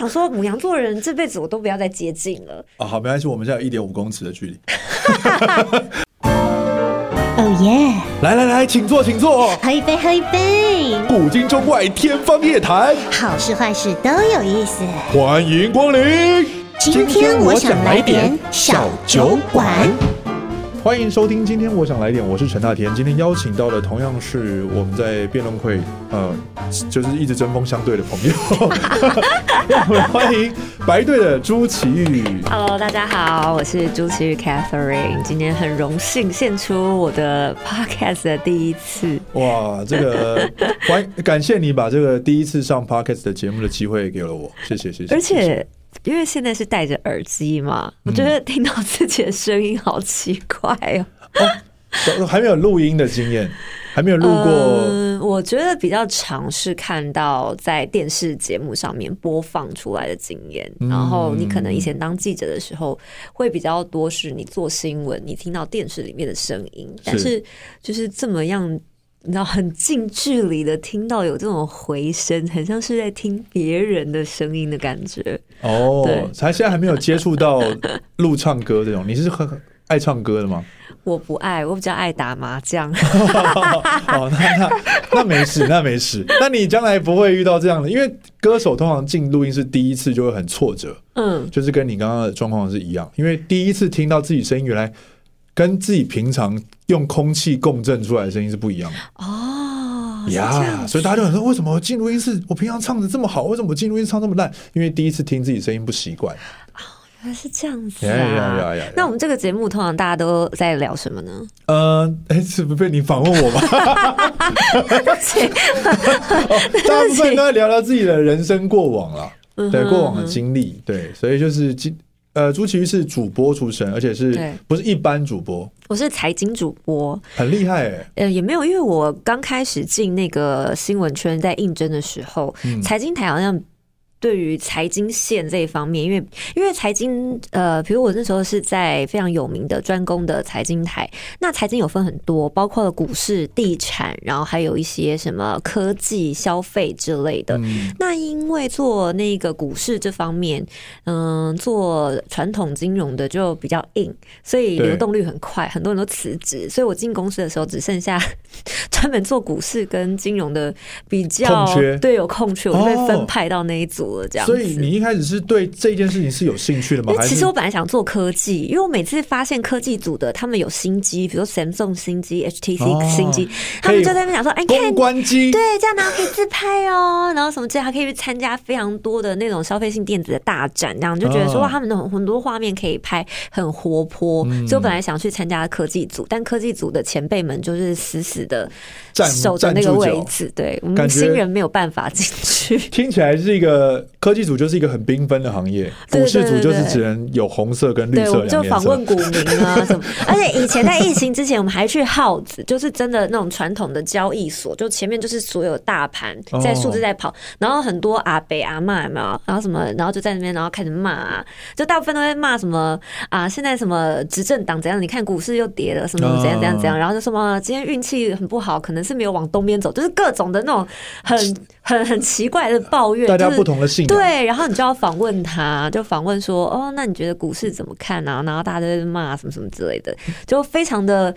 想說牡羊座的人這輩子我都不要再接近了。啊，好，沒關係，我們現在有一點五公尺的距離。 Oh yeah！來來來，請坐，請坐。喝一杯，喝一杯。古今中外，天方夜譚。好事壞事都有意思。歡迎光臨。今天我想來點小酒館。歡迎收聽，今天我想來點，我是陳大天，今天邀請到的同樣是我們在辯論會，呃，就是一直針鋒相對的朋友， 歡迎白隊的朱琦郁。Hello，大家好，我是朱琦郁 Catherine，今天很榮幸獻出我的 Podcast 的第一次。哇，這個歡，感謝你把這個第一次上 Podcast 的節目的機會給了我，謝謝謝謝，謝謝。而且。因為現在是戴着耳機嘛、嗯，我覺得聽到自己的聲音好奇怪哦。哦，還沒有錄音的經驗，還沒有錄過、嗯。我覺得比較常是看到在電視節目上面播放出來的經驗。嗯、然後你可能以前當記者的時候、嗯，會比較多是你做新聞，你聽到電視裡面的聲音，但是就是這麼樣。你知道很近距離的聽到有這種回聲，很像是在聽別人的聲音的感覺。哦，才還現在還沒有接觸到錄唱歌這種，你是很，很愛唱歌的嗎？我不愛，我比較愛打麻將。 哦，那那那沒事，那沒事。那你將來不會遇到這樣的，因為歌手通常進錄音室第一次就會很挫折。嗯，就是跟你剛剛的狀況是一樣，因為第一次聽到自己聲音原來。跟自己平常用空氣共振出來的聲音是不一樣的哦，呀、oh, yeah, 所以大家都想說，為什麼我進錄音室，我平常唱得這麼好，為什麼我進錄音唱這麼爛？因為第一次聽自己聲音不習慣。哦，原來是這樣子啊！那我們這個節目通常大家都在聊什麼呢？呃，哎，是不是被你訪問我嗎？ 哦、大部分都在聊聊自己的人生過往了、嗯嗯，對過往的經歷，對，所以就是進。呃，朱琦郁是主播出身，而且是不是一般主播？我是財經主播，很厲害誒、欸、呃，也沒有，因為我剛開始進那個新聞圈，在應徵的時候，財、嗯、經台好像。對於財經線這一方面，因為因為財經呃，比如我那時候是在非常有名的專攻的財經台。那財經有分很多，包括了股市、地產，然後還有一些什麼科技、消費之類的。嗯、那因為做那個股市這方面，嗯、呃，做傳統金融的就比較硬，所以流動率很快，很多人都辭職。所以我進公司的時候，只剩下 專門做股市跟金融的比較，對，有空缺，我就被分派到那一組。哦所以你一開始是對這件事情是有興趣的嗎？其實我本來想做科技，因為我每次發現科技組的他們有新機，比如說 Samsung 新機、HTC 新機、哦，他們就在那邊講說：“哎，可以關機，對，這樣拿可以自拍哦，然後什麼之類，還可以去參加非常多的那種消費性電子的大展，這樣就覺得說、哦、哇，他們的很多畫面可以拍很活潑、嗯，所以我本來想去參加科技組，但科技組的前輩們就是死死的守着那個位置，對我們、嗯、新人沒有辦法進去。聽起來是一個。科技組就是一個很繽紛的行業對對對對，股市組就是只能有紅色跟綠色，色對對對。對，就訪問股民啊 什麼。而且以前在疫情之前，我們還去號子，就是真的那種傳統的交易所，就前面就是所有大盤在數字在跑，哦、然後很多阿北阿嬤嘛，然後什麼，然後就在那邊，然後開始罵啊，就大部分都在罵什麼啊，現在什麼執政黨怎樣，你看股市又跌了，什麼、什麼怎樣怎樣怎樣，啊、然後就什麼今天運氣很不好，可能是沒有往東邊走，就是各種的那種很很很、很奇怪的抱怨，大家不同的對，然後你就要訪問他，就訪問說，哦，那你覺得股市怎麼看啊？然後大家都在罵什麼什麼之類的，就非常的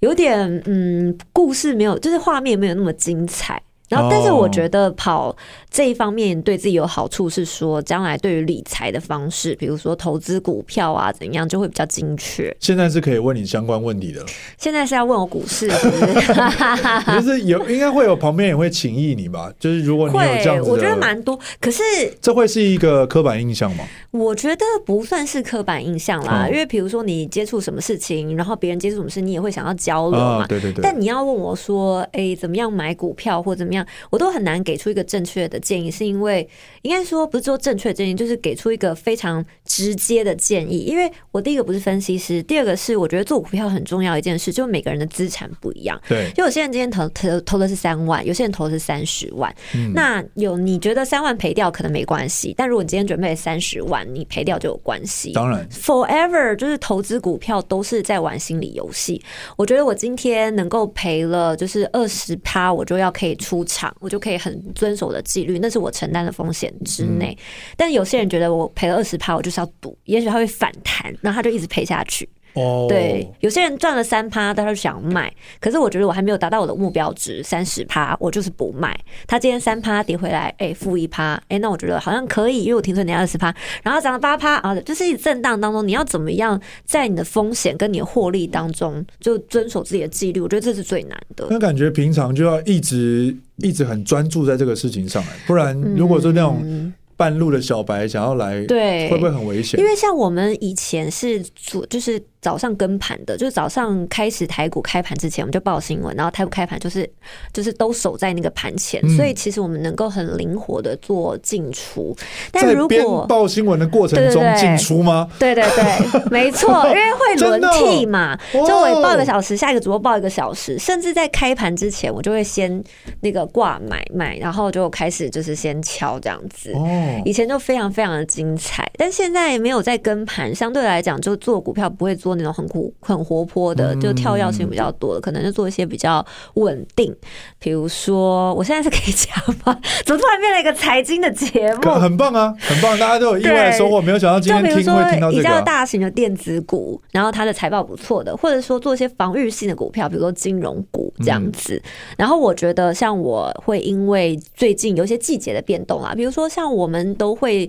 有點嗯，故事沒有，就是畫面沒有那麼精彩。然後，但是我覺得跑。這一方面對自己有好處是說，將來對於理財的方式，比如說投資股票啊，怎樣就會比較精確。現在是可以問你相關問題的。現在是要問我股市是不是？ 就是有應該會有旁邊也會請益你吧？就是如果你有這樣子的，我覺得蠻多。可是這會是一個刻板印象嗎？我覺得不算是刻板印象啦，嗯、因為比如說你接觸什麼事情，然後別人接觸什麼事，你也會想要交流嘛。啊、對，對對對。但你要問我說，哎、欸，怎麼樣買股票或怎麼樣，我都很難給出一個正確的建議是因為應該說不是說正確建議，就是給出一個非常直接的建議。因為我第一個不是分析師，第二個是我覺得做股票很重要一件事，就是每個人的資產不一樣。對，就我現在今天投投投的是三萬，有些人投的是三十萬。嗯。那有你覺得三萬賠掉可能沒關係，但如果你今天準備三十萬，你賠掉就有關係。當然，forever 就是投資股票都是在玩心理遊戲。我覺得我今天能夠賠了就是二十趴，我就要可以出場，我就可以很遵守的紀律。那是我承擔的風險之內、嗯，但有些人覺得我賠了二十趴，我就是要賭、嗯，也許他會反彈，那他就一直賠下去。Oh. 對，有些人賺了三趴，但是想賣，可是我覺得我還沒有達到我的目標值三十趴，我就是不賣。他今天三趴跌回來，哎、欸，負一趴，哎，那我覺得好像可以，因為我停損點二十趴，然後漲了八趴啊，就是震盪當中，你要怎麼樣在你的風險跟你的獲利當中就遵守自己的紀律？我覺得這是最難的。那感覺平常就要一直一直很專注在這個事情上、欸，不然如果說那種半路的小白想要來，嗯、對，會不會很危險？因為像我們以前是做，就是。早上跟盤的，就是早上開始台股開盤之前，我們就報新聞，然後台股開盤就是就是都守在那個盤前、嗯，所以其實我們能夠很靈活的做進出。嗯、但如果，在報新聞的過程中進出嗎？對對對， 沒錯，因為會輪替嘛，周圍、哦、報一個小時，下一個主播報一個小時，甚至在開盤之前，我就會先那個掛買賣，然後就開始就是先敲這樣子。哦，以前就非常非常的精彩，但現在沒有在跟盤，相對來講就做股票不會做那種很酷很活潑的，就跳躍性比較多的，可能就做一些比較穩定、嗯，比如說我現在是可以講嗎？ 怎麼突然變了一個財經的節目？很很棒啊，很棒！大家都有意外收穫，沒有想到今天聽就比如說會聽到、啊、一家的大型的電子股，然後它的財報不錯的，或者說做一些防禦性的股票，比如說金融股這樣子、嗯。然後我覺得，像我會因為最近有一些季節的變動啊，比如說像我們都會，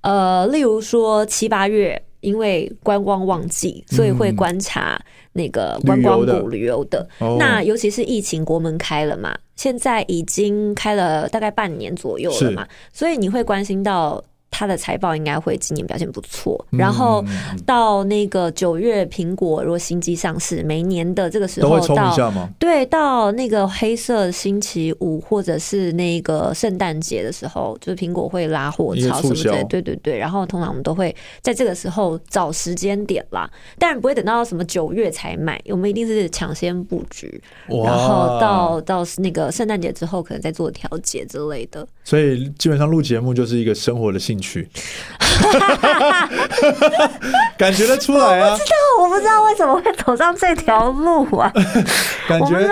呃，例如說七八月。因為觀光旺季，所以會觀察那個觀光部、古、嗯、旅遊的。那尤其是疫情國門開了嘛、哦，現在已經開了大概半年左右了嘛，所以你會關心到。他的財報應該會今年表現不錯，嗯，然後到那個九月蘋果如果新機上市，每年的這個時候到。對，到那個黑色星期五或者是那個聖誕節的時候，就是蘋果會拉貨潮，是不是？對對對。然後通常我們都會在這個時候找時間點啦，但不會等到什麼九月才買，我們一定是搶先布局，然後到到那個聖誕節之後可能再做調節之類的。所以基本上錄節目就是一個生活的興趣。去，哈哈哈哈，感覺得出來啊？ 不知道，我不知道為什麼會走上這條路啊 ？感覺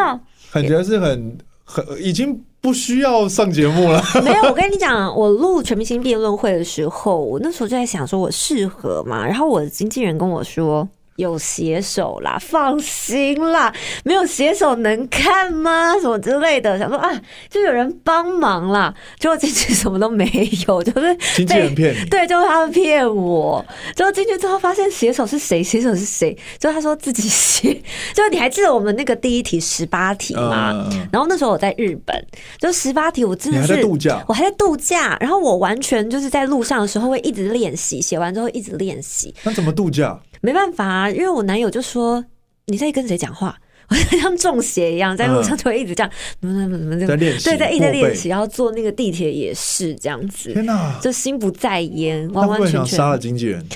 感覺是很很已經不需要上節目了。 沒有，我跟你講，我錄《全明星辯論會》的時候，我那時候就在想，說我適合嗎？然後我的經紀人跟我說。有寫手啦，放心啦，沒有寫手能看嗎？什麼之類的，想說啊，就有人幫忙啦。結果進去什麼都沒有，就是被經紀人騙你。對，就是他們騙我。結果進去之後發現寫手是誰，寫手是誰？就他說自己寫。就你還記得我們那個第一題十八題嗎、呃？然後那時候我在日本，就十八題我真的是，是還在度假，我還在度假。然後我完全就是在路上的時候會一直練習，寫完之後一直練習。那怎麼度假？沒辦法、啊，因為我男友就說你在跟誰講話，我就像中邪一樣，在路上就會一直這樣，怎麼怎麼怎麼在練習，對，在一直在練習。然後坐那個地鐵也是這樣子，天哪、啊，就心不在焉。完完全全，他會不會想殺了經紀人？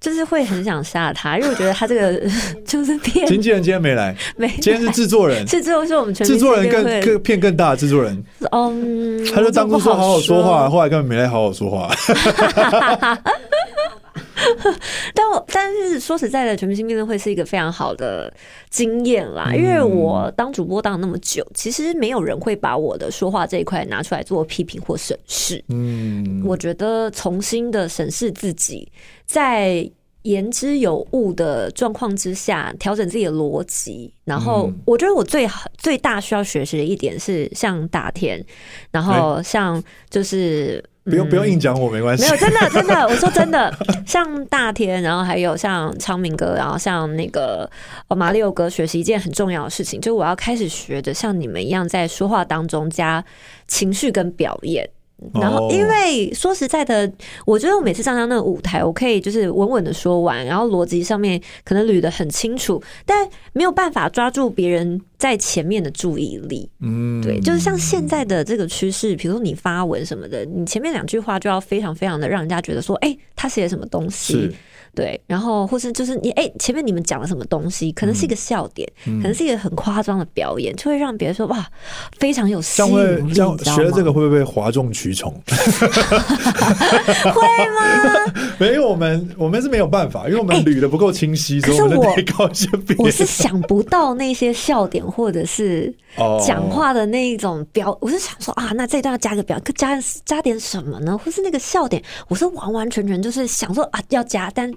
就是會很想殺他，因為我覺得他這個 就是騙。經紀人今天沒來，沒來，今天是製作人，這最後是我們製作人更更騙更大的製作人。嗯，他說當初說好好說話說好說，後來根本沒來好好說話。 但但是說實在的，全明星辯論會是一個非常好的經驗啦。因為我當主播當了那麼久，嗯，其實沒有人會把我的說話這一塊拿出來做批評或審視。嗯，我覺得重新的審視自己，在言之有物的狀況之下，調整自己的邏輯。然後我覺得我最好、嗯、最大需要學習的一點是像大天，然後像就是。嗯不用不用硬講，我沒關係、嗯。沒有，真的真的，我說真的， 像大天，然後還有像昌明哥，然後像那個馬里奧哥，學習一件很重要的事情，就我要開始學着像你們一樣，在說話當中加情緒跟表演。然後，因為說實在的，我覺得我每次上到那個舞台，我可以就是穩穩的說完，然後邏輯上面可能捋得很清楚，但沒有辦法抓住別人在前面的注意力。嗯，對，就是像現在的這個趨勢，比如你發文什麼的，你前面兩句話就要非常非常的讓人家覺得說，誒、欸，他寫什麼東西。對，然後或是就是你哎、欸，前面你們講了什麼東西？可能是一個笑點，嗯、可能是一個很誇張的表演，嗯、就會讓別人說哇，非常有笑。這樣學了這個會不會嘩眾取寵？ 會嗎？沒有，我們我們是沒有辦法，因為我們捋得不夠清晰。可、欸、所以我們就得搞一些別的， 我是想不到那些笑點或者是講話的那一種表。Oh. 我是想說啊，那這一段要加個表，可加加點什麼呢？或是那個笑點？我是完完全全就是想說啊，要加，但。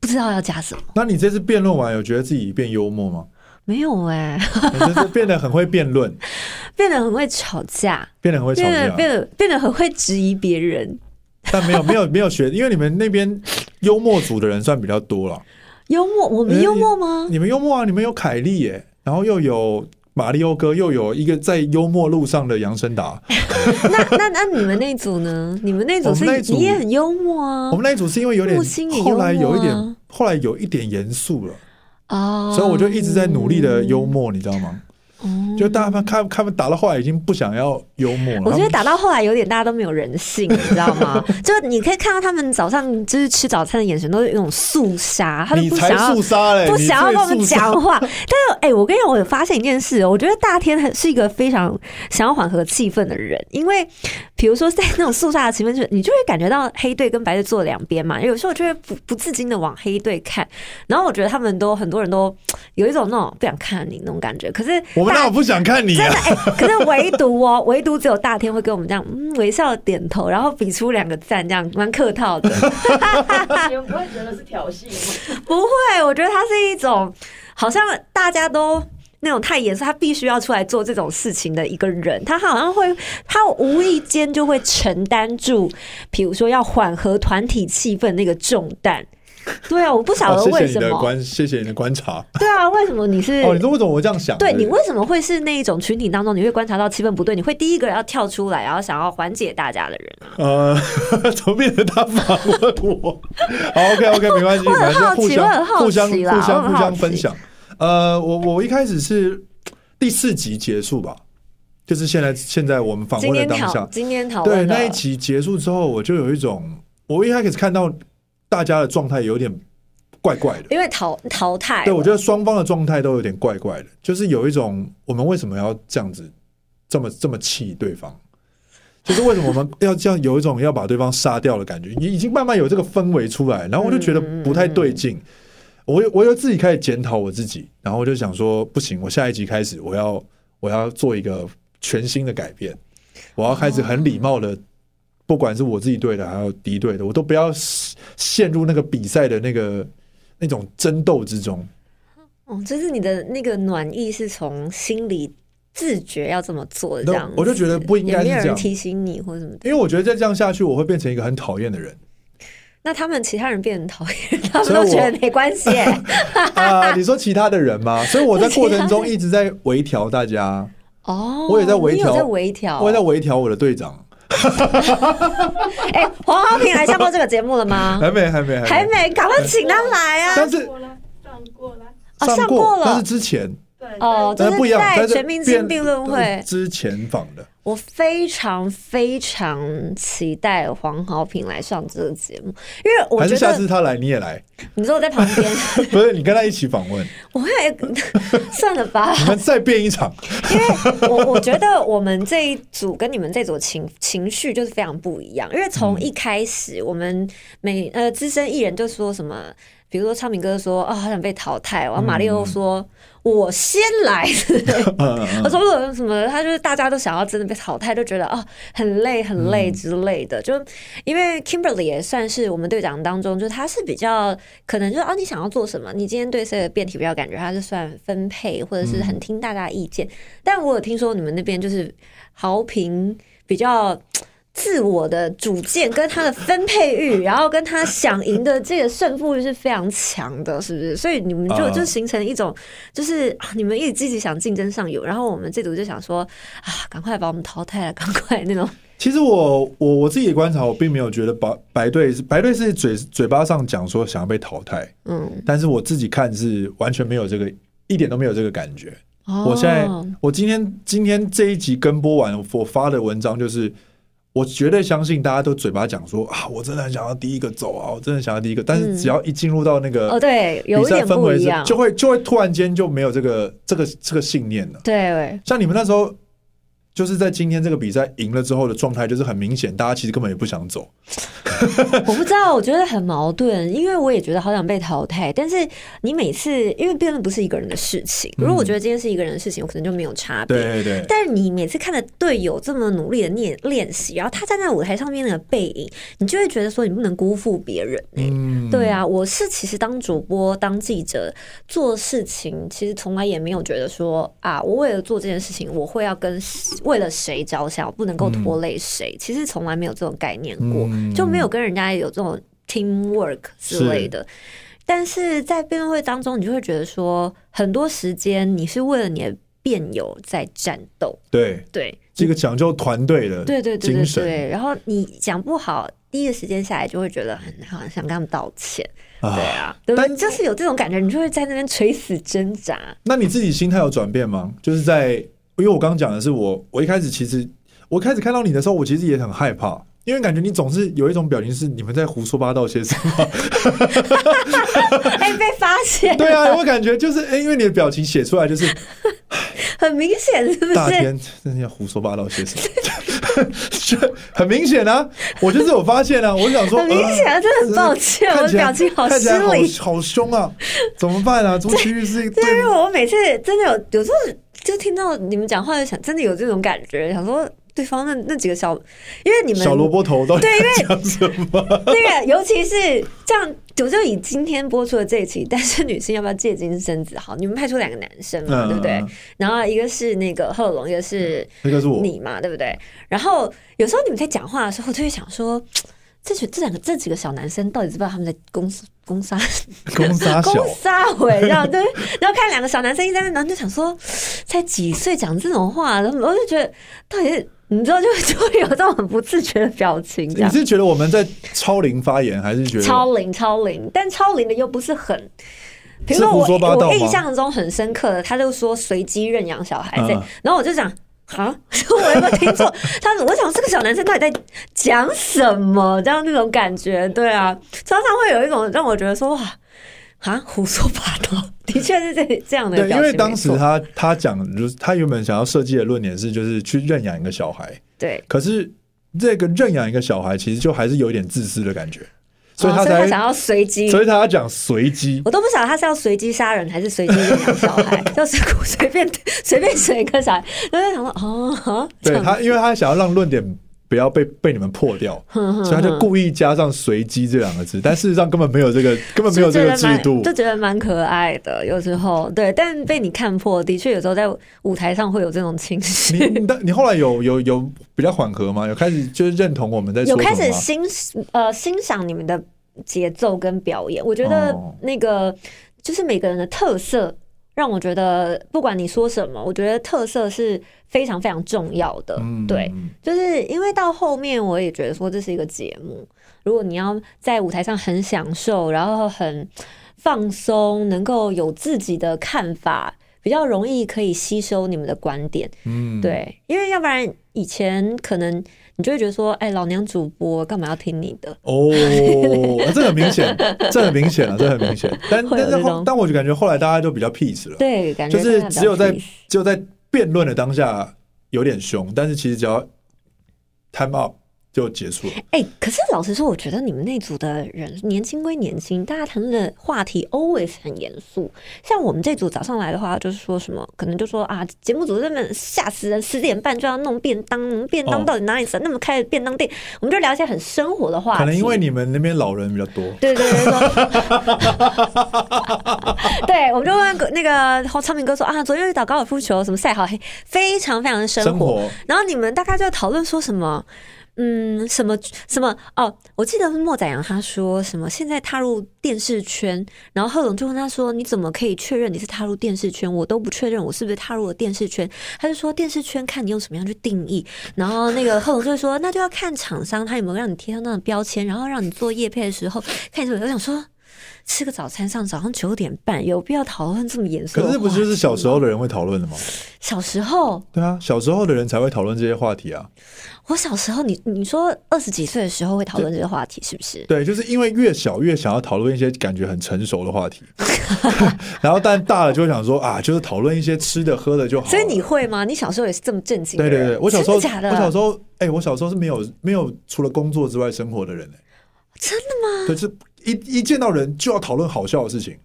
不知道要加什麼？那你這次辯論完有覺得自己變幽默嗎？沒有哎、欸，變得很會辯論， 變得很會吵架，變得很會吵架，變得變得很會質疑別人。但沒有沒有沒有學，因為你們那邊幽默組的人算比較多了。 幽默，我們幽默嗎、欸？你們幽默啊？你們有凱麗耶，然後又有。馬里歐哥又有一個在幽默路上的楊森達，那那那你們那組呢？你們那組是因為你也很幽默啊。我們那組是因為有點後來有一點，後來有一點嚴肅了、哦、所以我就一直在努力的幽默，嗯、你知道嗎？ 就大家看，他們打到後來已經不想要幽默了。我覺得打到後來有點大家都沒有人性，你知道嗎？ 就你可以看到他們早上就是吃早餐的眼神都是一種肅殺，他不想要肅殺、欸、不想要跟我們講話。但是，哎、欸，我跟你講我有發現一件事，我覺得大天是一個非常想要緩和氣氛的人。因為比如說在那種肅殺的氣氛，就你就會感覺到黑隊跟白隊坐兩邊嘛。有時候就會不不自禁的往黑隊看，然後我覺得他們都很多人都有一種那種不想看你那種感覺。可是我們。但那我不想看你，啊。真的、欸、可是唯獨哦，唯獨只有大天會跟我們這樣、嗯、微笑點頭，然後比出兩個讚，這樣蠻客套的。你 們不會覺得是挑釁嗎？不會，我覺得他是一種好像大家都那種太嚴肅，他必須要出來做這種事情的一個人。他好像會，他無意間就會承擔住，比如說要緩和團體氣氛那個重擔。對啊，我不曉得為什麼、哦。謝謝你的觀， 謝謝你的觀察。對啊，為什麼你是？哦，你都為什麼我這樣想？ 對，對你為什麼會是那一種群體當中，你會觀察到氣氛不對， 你會第一個要跳出來，然後想要緩解大家的人。呃呵呵，怎麼變成他訪問我？ 好，OK，OK，、okay, okay, 沒關係。我很好奇，我，我很好奇，互相互相互相分享。呃，我我一開始是第四集結束吧，就是現在現在我們訪問的當下，今天討對那一集結束之後，我就有一種，我一開始看到。大家的狀態有點怪怪的，因為淘淘汰。對，我覺得雙方的狀態都有點怪怪的，就是有一種我們為什麼要這樣子這麼這麼氣對方？就是為什麼我們要這樣有一種要把對方殺掉的感覺？你已經慢慢有這個氛圍出來，然後我就覺得不太對勁。我又我又自己開始檢討我自己，然後我就想說，不行，我下一集開始，我要我要做一個全新的改變，我要開始很禮貌的。不管是我自己隊的，還有敵隊的，我都不要陷入那個比賽的那個那種爭鬥之中。哦，就是你的那個暖意，是從心裡自覺要這麼做的，這樣子。我就覺得不應該這樣。提醒你或者什麼？因為我覺得再這樣下去，我會變成一個很討厭的人。那他們其他人變成討厭，他們都覺得沒關係、欸 呃。你說其他的人嗎？所以我在過程中一直在微調大家。哦，我也在微調，哦、在微調，我也在微調我的隊長。哈哈哈！哎，黃浩平來上過這個節目了嗎？ 還，沒還，沒還沒，還沒，還沒，趕快請他來啊，但是！上過了，上過了，哦、上過了，但是之前，對，對，對，但是不，哦，這是在《全明星辯論會》之前訪的。我非常非常期待黃豪平來上這個節目，因為我覺得下次他來你也來，你說我在旁邊， 不是你跟他一起訪問，我會來算了吧，我們再變一場，因為我我覺得我們這一組跟你們這組情情緒就是非常不一樣，因為從一開始我們每呃資深藝人就說什麼，比如說昌平哥說啊、哦，好想被淘汰，然後瑪利歐說。嗯我先來，我說 什麼？他就是大家都想要真的被淘汰，都覺得啊、哦、很累很累之類的、嗯。就因為 Kimberly 也算是我們隊長當中，就他是比較可能就啊、哦，你想要做什麼？你今天對這個辯題比較感覺，他是算分配，或者是很聽大家的意見、嗯。但我有聽說你們那邊就是好評比較，自我的主見跟他的分配欲， 然後跟他想贏的這個勝負欲是非常強的，是不是？所以你們就就形成一種，uh, 就是你們一直積極想競爭上游，然後我們這組就想說啊，趕快把我們淘汰了，趕快那種。其實我我我自己的觀察，我並沒有覺得白白隊是白隊是嘴嘴巴上講說想要被淘汰，嗯，但是我自己看是完全沒有這個一點都沒有這個感覺。Oh. 我現在我今天今天這一集跟播完，我發的文章就是。我絕對相信，大家都嘴巴講說啊，我真的很想要第一個走啊，我真的想要第一個。但是只要一進入到那個哦，對，比賽氛圍，就會就會突然間就沒有這個這個這個信念了。對，像你們那時候，就是在今天這個比賽贏了之後的狀態，就是很明顯，大家其實根本也不想走。 我不知道，我覺得很矛盾，因為我也覺得好想被淘汰。但是你每次因為辯論不是一個人的事情，如果我覺得今天是一個人的事情，我可能就沒有差別。對對。但是你每次看着隊友這麼努力的練練習，然後他站在舞台上面那個背影，你就會覺得說你不能辜負別人、欸。嗯、對啊，我是其實當主播、當記者做事情，其實從來也沒有覺得說啊，我為了做這件事情，我會要跟為了誰着想，我不能夠拖累誰。嗯、其實從來沒有這種概念過，嗯、就沒有。跟人家有這種 teamwork 之類的，是但是在辯論會當中，你就會覺得說，很多時間你是為了你的辯友在戰鬥。對對，這個講究團隊的精神，對對對對。然後你講不好，第一個時間下來就會覺得很好，想跟他們道歉。啊對啊，對不對，但就是有這種感覺，你就會在那邊垂死掙扎。那你自己心態有轉變嗎？就是在因為我剛剛講的是我，我一開始其實我一開始看到你的時候，我其實也很害怕。因為感覺你總是有一種表情，是你們在胡說八道些什麼 被被發現。 對啊，我感覺就是因為你的表情寫出來就是很明顯，是不是？大天真的要胡說八道些什麼？ 這 很明顯啊！我就是有發現啊，我想說，很明顯啊，真的很抱歉，呃、的我的表情好失禮，好凶啊，怎麼辦啊朱琦郁是，因為我每次真的有有時候就聽到你們講話，就想真的有這種感覺，想說。對方那那幾個小，因為你們小蘿蔔頭都，對，因為什麼 那個，尤其是這樣，我就以今天播出的這一期，單身女性要不要借精生子？好，你們派出兩個男生嘛，嗯，對不對？然後一個是那個賀龍，一個是你嘛，嗯這個是，對不對？然後有時候你們在講話的時候，就會想說，這幾這兩個這幾個小男生到底知不知道他們在攻攻殺攻殺攻殺我，然 樣，對，對，然後看兩個小男生一在那，我就想說，才幾歲講這種話，然後我就覺得到底。是。你知道就就會有這種很不自覺的表情。你是覺得我們在超齡發言，還是覺得超齡超齡？但超齡的又不是很，比如說我我印象中很深刻的，他就說隨機認養小孩，對、嗯。然後我就講啊， 我有沒有聽錯？他我想這個小男生到底在講什麼？這樣那種感覺，對啊，常常會有一種讓我覺得說哇。啊，胡說八道，的確是這這樣的。對，因為當時他他講，如他原本想要設計的論點是，就是去認養一個小孩。對。可是這個認養一個小孩，其實就還是有點自私的感覺，所以他才、啊、所以他想要隨機。所以他要講隨機，我都不曉得他是要隨機殺人還是隨機認養小孩， 就是隨便隨便選一個小孩。都在想說，哦，對他，因為他想要讓論點。不要被被你們破掉哼哼哼，所以他就故意加上“隨機”這兩個字， 但事實上根本沒有這個根本沒有這個制度，就覺得蠻可愛的。有時候，對，但被你看破，的確有時候在舞台上會有這種情緒。 你你後來有有有比較緩和嗎？有開始就是認同我們的，有開始欣呃欣賞你們的節奏跟表演。我覺得那個、哦、就是每個人的特色。讓我覺得，不管你說什麼，我覺得特色是非常非常重要的。嗯，對，就是因為到後面，我也覺得說這是一個節目，如果你要在舞台上很享受，然後很放鬆，能夠有自己的看法，比較容易可以吸收你們的觀點。嗯，對，因為要不然以前可能。你就會覺得說，哎、欸，老娘主播幹嘛要聽你的？哦、oh, 啊，這很明顯， 這很明顯，啊，這很明顯。但但是後，但我就感覺後來大家就比較 peace 了，對，感覺就是只有在只有在辯論的當下有點兇，但是其實只要 time up。就結束了。哎、欸，可是老實說，我覺得你們那組的人年輕歸年輕，大家談論的話題 always 很嚴肅。像我們這組早上來的話，就是說什麼，可能就說啊，節目組這麼嚇死人，十點半就要弄便當，便當到底哪裡是，那麼開的便當店，哦，我們就聊一些很生活的話題。可能因為你們那邊老人比較多，對對對。 對，我們就問那個侯昌明哥說啊，昨天去打高爾夫球什麼賽好嘿非常非常的生、生活。然後你們大概就討論說什麼？嗯，什麼什麼哦？我記得是莫宰陽他說什麼？現在踏入電視圈，然後賀瓏就跟他說：“你怎麼可以確認你是踏入電視圈？我都不確認我是不是踏入了電視圈。”他就說：“電視圈看你用什麼樣去定義。”然後那個賀瓏就說：“那就要看廠商他有沒有讓你貼上那種標籤，然後讓你做業配的時候看你什麼。”我想說。吃個早餐上早上九點半，有必要討論這麼嚴肅？可是不是就是小時候的人會討論的嗎？小時候，對啊，小時候的人才會討論這些話題啊。我小時候，你你說二十幾歲的時候會討論這些話題，是不是？對，就是因為越小越想要討論一些感覺很成熟的話題， 然後但大了就會想說啊，就是討論一些吃的喝的就好，啊。所以你會嗎？你小時候也是這麼正經的？對對對，我小時候，真的假的？我小時候，哎、欸，我小時候是沒有沒有除了工作之外生活的人欸。真的嗎？可是。一一見到人就要討論好笑的事情，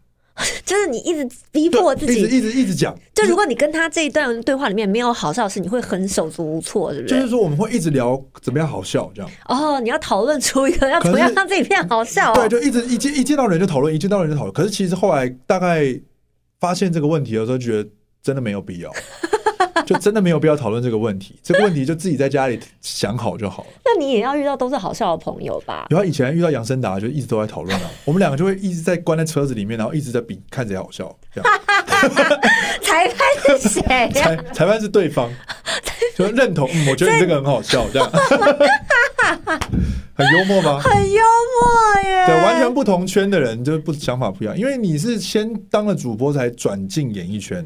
就是你一直逼迫自己，一直一直一直講。就如果你跟他這一段對話裡面沒有好笑的事，你會很手足無措，對不對，就是說我們會一直聊怎麼樣好笑這樣。哦，你要討論出一個要怎麼樣讓自己變好笑，啊。對，就一直一見一見到人就討論，一見到人就討論。可是其實後來大概發現這個問題的時候，覺得真的沒有必要。 就真的沒有必要討論這個問題，這個問題就自己在家裡想好就好了。那你也要遇到都是好笑的朋友吧？有啊，以前遇到楊森達，就一直都在討論啊。 我們兩個就會一直在關在車子裡面，然後一直在比看誰好笑。這樣。 裁判是誰啊？裁裁判是對方，就認同，嗯。我覺得你這個很好笑，這樣。 很幽默嗎？很幽默耶！對，完全不同圈的人，就是不想法不一樣。因為你是先當了主播，才轉進演藝圈。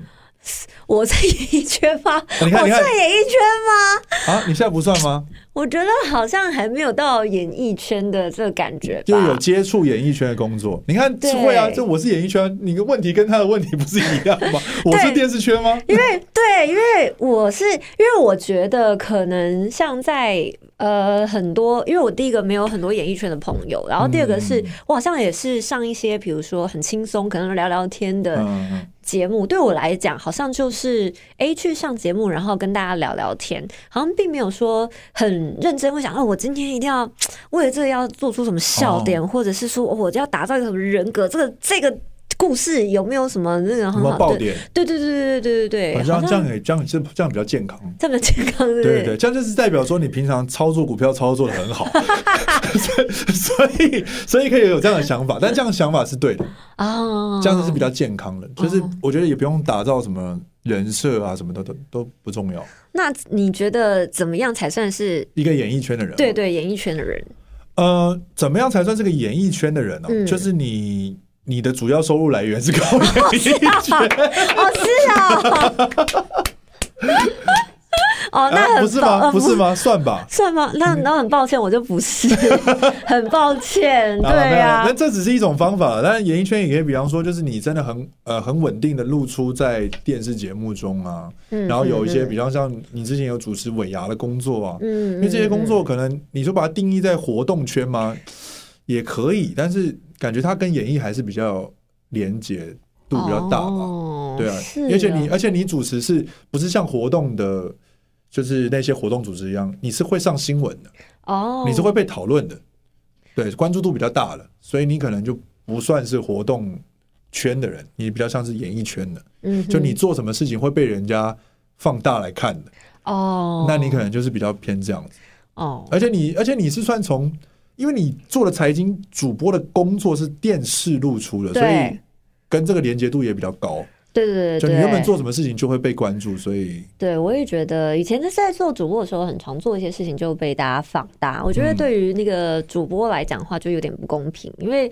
我在演藝圈嗎？啊、你看,你看我在演藝圈嗎？啊，你現在不算嗎？ 我覺得好像還沒有到演藝圈的這個感覺，就有接觸演藝圈的工作。你看，對會啊，就我是演藝圈。你的問題跟他的問題不是一樣嗎？我是電視圈嗎？ 因為對，因為我是因為我覺得可能像在呃很多，因為我第一個沒有很多演藝圈的朋友，然後第二個是、嗯、我好像也是上一些比如說很輕鬆，可能聊聊天的。嗯節目對我來講，好像就是 A 去上節目，然後跟大家聊聊天，好像並沒有說很認真，會想哦，我今天一定要為了這個要做出什麼笑點，哦、或者是說、哦，我就要打造一個什麼人格，這個這個。故事有沒有什麼那個什麼爆點？對對對對對對對，好像這樣這樣也這樣這這樣比較健康，這麼健康是不是對對對，這樣就是代表說你平常操作股票操作得很好， 所以所以可以有這樣的想法，但這樣的想法是對的啊， 這樣子是比較健康的。哦，就是我覺得也不用打造什麼人設啊什、哦，什麼的都都不重要。那你覺得怎麼樣才算是一個演藝圈的人、啊？對對，對，演藝圈的人。呃，怎麼樣才算是個演藝圈的人呢、啊嗯？就是你。你的主要收入來源是高演藝圈？哦，是啊， 哦， 哦，那很、啊、不是嗎？不是嗎？哦、算吧，算嗎？那那很抱歉，我就不是， 很抱歉，對呀、啊。那、啊啊啊、這只是一種方法，但演藝圈也可以，比方說，就是你真的很呃很穩定的露出在電視節目中啊，然後有一些，比方像你之前有主持尾牙的工作啊嗯，嗯，因為這些工作可能你就把它定義在活動圈嗎？也可以，但是。感覺他跟演藝還是比較連結度比較大吧，對啊，而且你而且你主持是不是像活動的，就是那些活動主持一樣，你是會上新聞的哦，你是會被討論的，對，關注度比較大了，所以你可能就不算是活動圈的人，你比較像是演藝圈的，嗯，就你做什麼事情會被人家放大來看的哦，那你可能就是比較偏這樣子哦，而且你而且你是算從。因為你做的財經主播的工作是電視露出的，所以跟這個連結度也比較高。對對,對對，就你原本做什麼事情就會被關注，所以對我也覺得，以前在做主播的時候，很常做一些事情就被大家放大。嗯、我覺得對於那個主播來講的話，就有點不公平，因為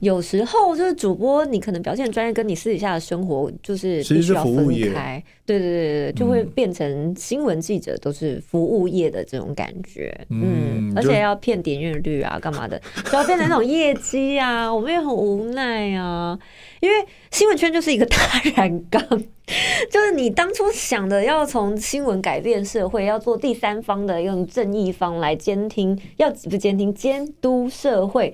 有時候就是主播，你可能表現專業，跟你私底下的生活就是其實是服務業對對對對，就會變成新聞記者都是服務業的這種感覺，嗯，嗯，而且要騙點閱率啊，幹嘛的？就要變成那種業績啊， 我們也很無奈啊。因為新聞圈就是一個大染缸，就是你當初想的要從新聞改變社會，要做第三方的，用正義方來監聽，要不監聽監督社會，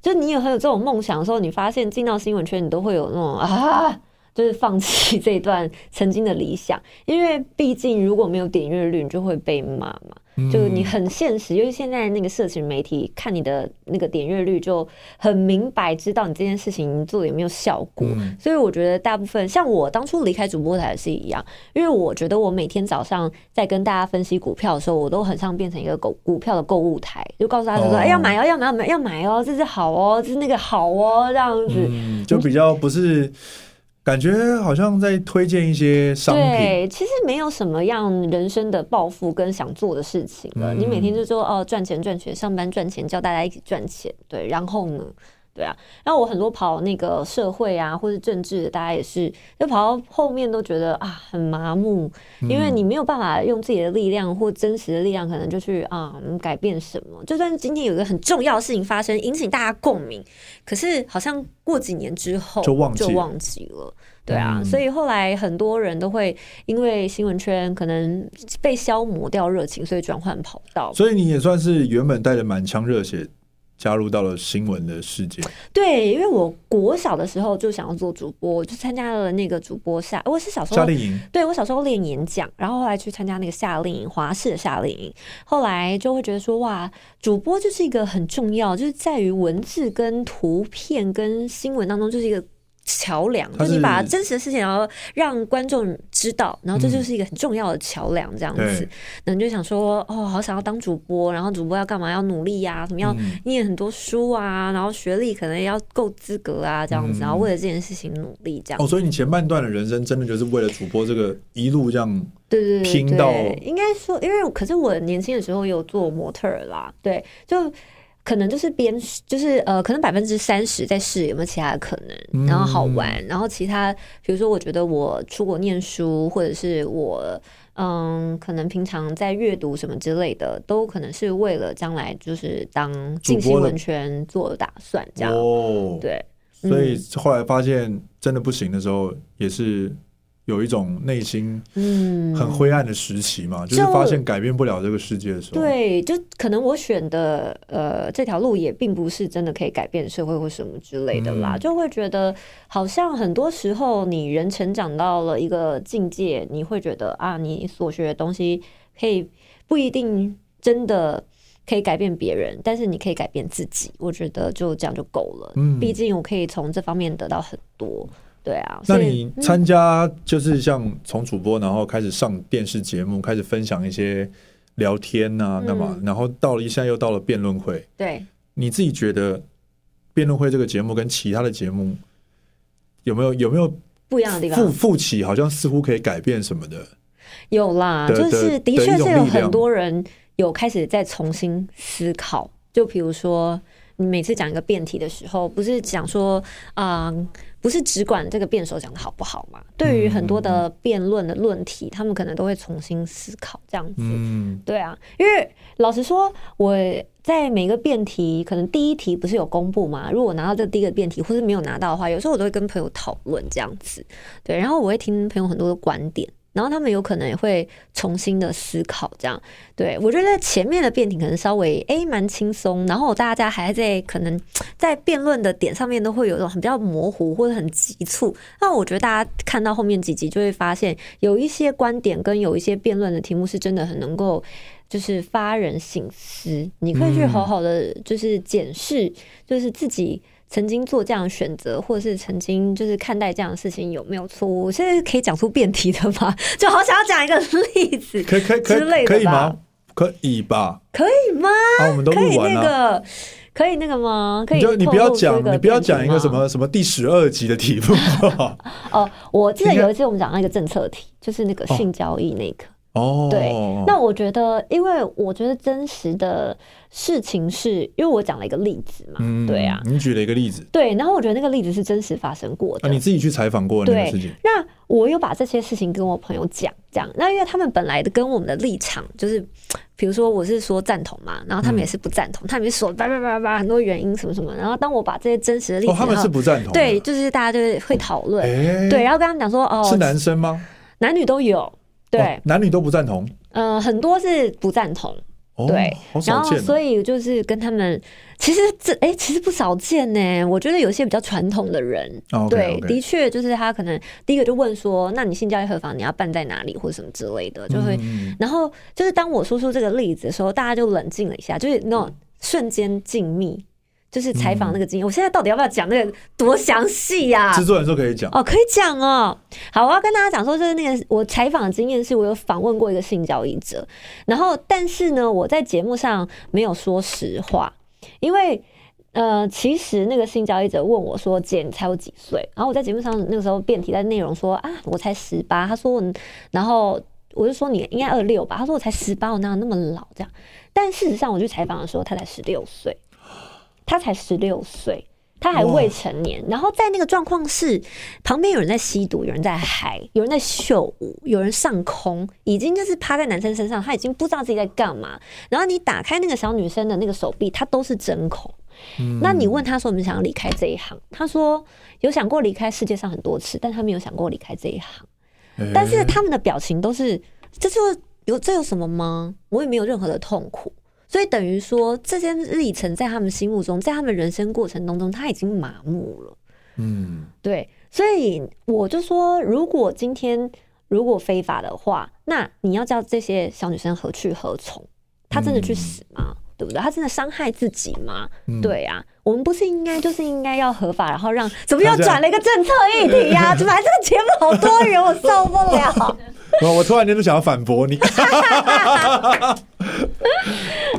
就你也很有這種夢想的時候，你發現進到新聞圈，你都會有那種啊。就是放棄這段曾經的理想，因為畢竟如果沒有點閱率，你就會被罵嘛。嗯、就是你很現實，因為現在那個社群媒體看你的那個點閱率，就很明白知道你這件事情做的有沒有效果。嗯。所以我覺得大部分像我當初離開主播台是一樣，因為我覺得我每天早上在跟大家分析股票的時候，我都很像變成一個股股票的購物台，就告訴大家說：“哎、哦，要買哦，要買要買要買，要買哦，這是好哦，這是那個好哦，這樣子。嗯”就比較不是，嗯。感覺好像在推薦一些商品。對，其實沒有什麼樣人生的抱負跟想做的事情了、嗯。你每天就說哦，賺錢賺錢，上班賺錢，叫大家一起賺錢。對，然後呢？對啊，然後我很多跑那個社會啊，或是政治的，大家也是，就跑到後面都覺得啊很麻木，因為你沒有辦法用自己的力量或真實的力量，可能就去啊改變什麼。就算今天有一個很重要的事情發生，引起大家共鳴，可是好像過幾年之後就忘記就忘記了。對啊，嗯、所以後來很多人都會因為新聞圈可能被消磨掉熱情，所以轉換跑道。所以你也算是原本帶着滿腔熱血，加入到了新聞的世界。對，因為我國小的時候就想要做主播，我就參加了那個主播夏，我是小時候，對，我小時候練演講，然後後來去參加那個夏令營，華視的夏令營，後來就會覺得說，哇，主播就是一個很重要，就是在於文字跟圖片跟新聞當中就是一個。橋樑，就你把真實的事情，然後讓觀眾知道、嗯，然後這就是一個很重要的橋樑，這樣子。那你就想說，哦，好想要當主播，然後主播要幹嘛？要努力呀、啊，什麼要念很多書啊，嗯、然後學歷可能也要夠資格啊，這樣子、嗯，然後為了這件事情努力這樣子。哦，所以你前半段的人生，真的就是為了主播這個一路這樣拼到，對對，對對，拼到。應該說，因為可是我年輕的時候有做模特啦，對，就。可能就是邊就是呃，可能百分之三十在試有沒有其他的可能，然後好玩，嗯、然後其他比如說，我覺得我出國念書，或者是我嗯，可能平常在閱讀什麼之類的，都可能是為了將來就是當進新聞圈做打算這樣。哦，對，所以後來發現真的不行的時候，也是。有一種內心很灰暗的時期嘛、嗯就，就是發現改變不了這個世界的時候。對，就可能我選的呃這條路也並不是真的可以改變社會或什麼之類的啦、嗯，就會覺得好像很多時候你人成長到了一個境界，你會覺得啊，你所學的東西可以不一定真的可以改變別人，但是你可以改變自己。我覺得就這樣就夠了，嗯、畢竟我可以從這方面得到很多。對啊，那你參加就是像從主播，然後開始上電視節目、嗯，開始分享一些聊天啊。幹、嗯、嘛，然後到了一下，又到了辯論會，對，你自己覺得辯論會這個節目跟其他的節目有沒有，有沒有不一樣的地方？副副起好像似乎可以改變什麼的，有啦，就是的確是有很多人有開始在重新思考，嗯、就比如說你每次講一個辯題的時候，不是講說啊。嗯不是只管這個辯手講的好不好嘛？對於很多的辯論的論題，嗯、他們可能都會重新思考這樣子。嗯、對啊，因為老實說，我在每個辯題可能第一題不是有公布嗎？如果我拿到這個第一個辯題，或是沒有拿到的話，有時候我都會跟朋友討論這樣子。對，然後我會聽朋友很多的觀點。然後他們有可能也會重新的思考，這樣，對，我覺得前面的辯題可能稍微誒蠻輕鬆，然後大家還在可能在辯論的點上面都會有一種很比較模糊或者很急促。那我覺得大家看到後面幾集就會發現，有一些觀點跟有一些辯論的題目是真的很能夠就是發人省思，你可以去好好的就是檢視，就是自己。曾經做這樣的選擇，或者是曾經就是看待這樣的事情，有沒有錯誤？現在是可以講出辯題的嗎？就好想要講一個例子之類的吧，可以可以可以，可以可以嗎？可以吧？可以嗎？啊、我們都錄完了，可以那個可以那個嗎？可以，你就你不要講，你不要講一個什麼什麼第十二集的題目。哦、 呃，我記得有一次我們講那一個政策題，就是那個性交易那個。哦，對，那我覺得，因為我覺得真實的。事情是因為我講了一個例子嘛、嗯，對啊，你舉了一個例子，對，然後我覺得那個例子是真實發生過的，啊、你自己去採訪過的那個事情。那我又把這些事情跟我朋友講，講。那因為他們本來的跟我們的立場就是，比如說我是說贊同嘛，然後他們也是不贊同、嗯，他們就說叭叭叭叭，很多原因什麼什麼。然後當我把這些真實的例子、哦，他們是不贊同，對，就是大家就是會討論、哦欸，對，然後跟他們講說，哦，是男生嗎？男女都有，對，男女都不贊同，嗯、呃，很多是不贊同。對、哦啊，然後所以就是跟他們，其實這哎其實不少見呢。我覺得有些比較傳統的人，哦、對，okay, okay. 的確就是他可能第一個就問說：“那你性教育何方？你要辦在哪裡或者什麼之類的。就是”就、嗯、會，然後就是當我說出這個例子的時候，大家就冷靜了一下，就是那種瞬間靜謐。就是採訪那個經驗、嗯，我現在到底要不要講那個多詳細呀？製作人說可以講哦，可以講哦。好，我要跟大家講說，就是那個我採訪的經驗，是我有訪問過一個性交易者，然後但是呢，我在節目上沒有說實話，因為呃，其實那個性交易者問我說：“姐，你才有幾歲？”然後我在節目上那個時候辯題的內容說：“啊，我才十八。”他說：“我。”然後我就說：“你應該二六吧？”他說：“我才十八，我哪有那麼老這樣？”但事實上，我去採訪的時候，他才十六歲。他才十六歲，他還未成年。然後在那個狀況是，旁邊有人在吸毒，有人在嗨，有人在秀舞，有人上空，已經就是趴在男生身上，他已經不知道自己在幹嘛。然後你打開那個小女生的那個手臂，她都是針孔。嗯、那你問他說：“我們想要離開這一行？”他說：“有想過離開世界上很多次，但他沒有想過離開這一行。”但是他們的表情都是，欸、這就有，有這有什麼嗎？我也沒有任何的痛苦。所以等於說，這些歷程在他們心目中，在他們人生過程當中，他已經麻木了。嗯，對。所以我就說，如果今天如果非法的話，那你要叫這些小女生何去何從？她真的去死嗎？嗯、對不對？她真的傷害自己嗎、嗯？對啊，我們不是應該就是應該要合法，然後讓怎麼又轉了一個政策議題呀、啊？怎麼還是這個節目好多人， 我受不了。 我突然間就想要反駁你，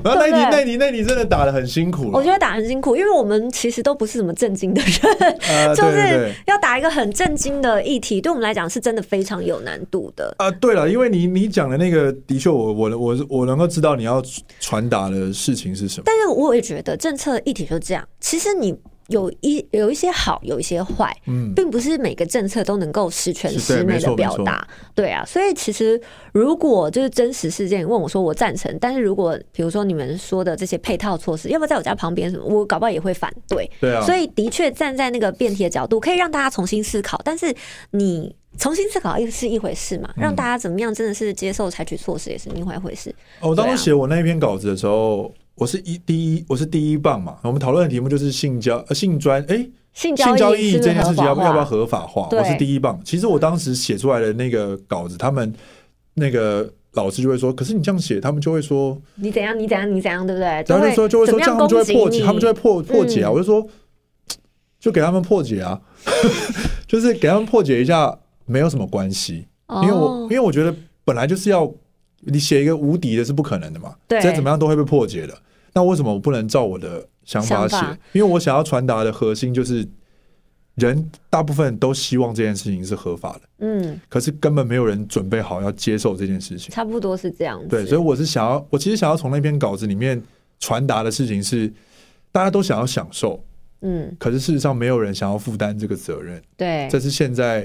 那你、那那，你真的打得很辛苦了。我覺得打很辛苦，因為我們其實都不是什麼正經的人，呃、 就是要打一個很正經的議題， 對我們來講是真的非常有難度的。啊、呃，對了，因為你你講的那個，的確，我我我我能夠知道你要傳達的事情是什麼。但是我也覺得政策的議題就是這樣，其實你。有一有一些好，有一些壞。嗯，並不是每個政策都能夠十全十美的表達。對啊，所以其實如果就是真實事件問我說我贊成，但是如果比如說你們說的這些配套措施，要不要在我家旁邊什麼，我搞不好也會反對。對啊，所以的確站在那個辯題的角度，可以讓大家重新思考。但是你重新思考又是一回事嘛，嗯，讓大家怎麼樣真的是接受採取措施，也是另外一回事。哦，當我當時寫我那一篇稿子的時候，我是一第一，我是第一棒嘛。我們討論的題目就是性交呃性專誒、欸，性交易這件事情要不要,是不,是要不要合法化？我是第一棒。其實我當時寫出來的那個稿子，他們那個老師就會說，可是你這樣寫，他們就會說你怎樣你怎樣你怎樣對不對？然後就說就會說,就會說樣這樣他們就會破解，他們就會破破解啊。嗯、我就說就給他們破解啊，嗯、 就是給他們破解一下，沒有什麼關係。哦、因為我因為我覺得本來就是要。你寫一個無敵的是不可能的嘛？對，再怎麼樣都會被破解的。那為什麼我不能照我的想法寫？因為我想要傳達的核心就是，人大部分都希望這件事情是合法的。嗯。可是根本沒有人準備好要接受這件事情。差不多是這樣子。對，所以我是想要，我其實想要從那篇稿子裡面傳達的事情是，大家都想要享受。嗯。可是事實上，沒有人想要負擔這個責任。對。這是現在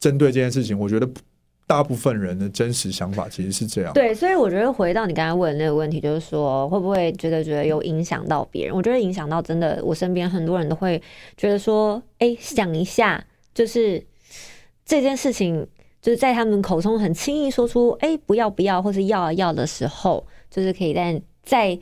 針對這件事情，我覺得。大部分人的真實想法其實是這樣。對，所以我覺得回到你剛才問的那個問題，就是說會不會覺得覺得有影響到別人？我覺得影響到真的，我身邊很多人都會覺得說，哎，想一下，就是這件事情就是在他們口中很輕易說出，哎，不要不要，或是要啊要的時候，就是可以再再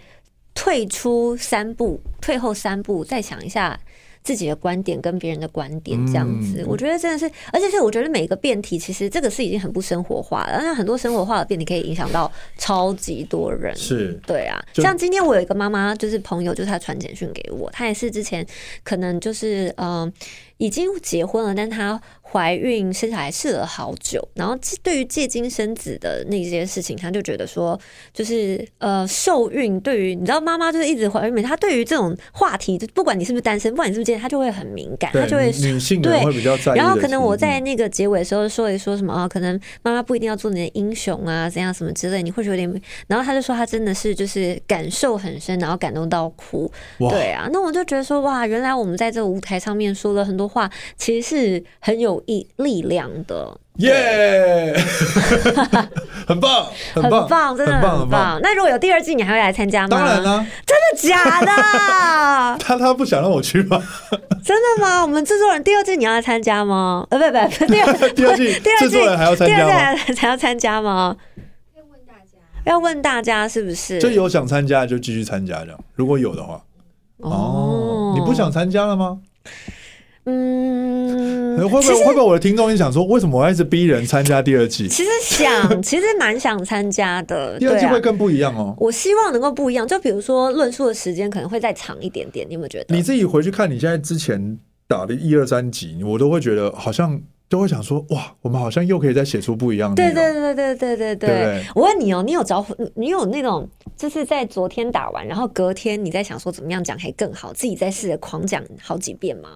退出三步，退後三步，再想一下。自己的觀點跟別人的觀點這樣子，我覺得真的是，而且是我覺得每個辯題其實這個是已經很不生活化了，而且很多生活化的辯題可以影響到超級多人。是，對啊，像今天我有一個媽媽，就是朋友，就是她傳簡訊給我，她也是之前可能就是嗯、呃，已經結婚了，但她。懷孕生小孩試了好久，然後對於借精生子的那些事情，他就覺得說，就是呃受孕對於你知道媽媽就是一直懷孕，她對於這種話題，就不管你是不是單身，不管你是不是健身，她就會很敏感，對，她就會女性對會比較在意。然後可能我在那個結尾的時候說一說什麼啊，可能媽媽不一定要做你的英雄啊，怎樣什麼之類，你會覺得有點。然後他就說他真的是就是感受很深，然後感動到哭。對啊，那我就覺得說哇，原來我們在這個舞台上面說了很多話，其實是很有。一力量的耶、yeah! 很棒，很棒，真的很棒，很棒。很棒，那如果有第二季，你還會來參加嗎？當然啦、啊，真的假的？ 他他不想讓我去嗎？真的嗎？我們制作人，第二季你要來參加嗎？呃，不不，第二第二季第二季， 第二季，製作人還要參加嗎？第二季才要參加嗎？要問大家，要問大家是不是？就有想參加就繼續參加這樣，如果有的話。哦、oh,，你不想參加了嗎？嗯，會不會會不會我的聽眾也想說，為什麼我要一直逼人參加第二季？其實想，其實蠻想參加的。 第二季會更不一樣哦。啊、我希望能夠不一樣，就比如說論述的時間可能會再長一點點。你有沒有覺得？你自己回去看你現在之前打的一二三集，我都會覺得好像都會想說，哇，我們好像又可以再寫出不一樣的樣。對對對對對，對對對對對對對。我問你哦、喔，你有找你有那種就是在昨天打完，然後隔天你在想說怎麼樣講可以更好，自己在試着狂講好幾遍嗎？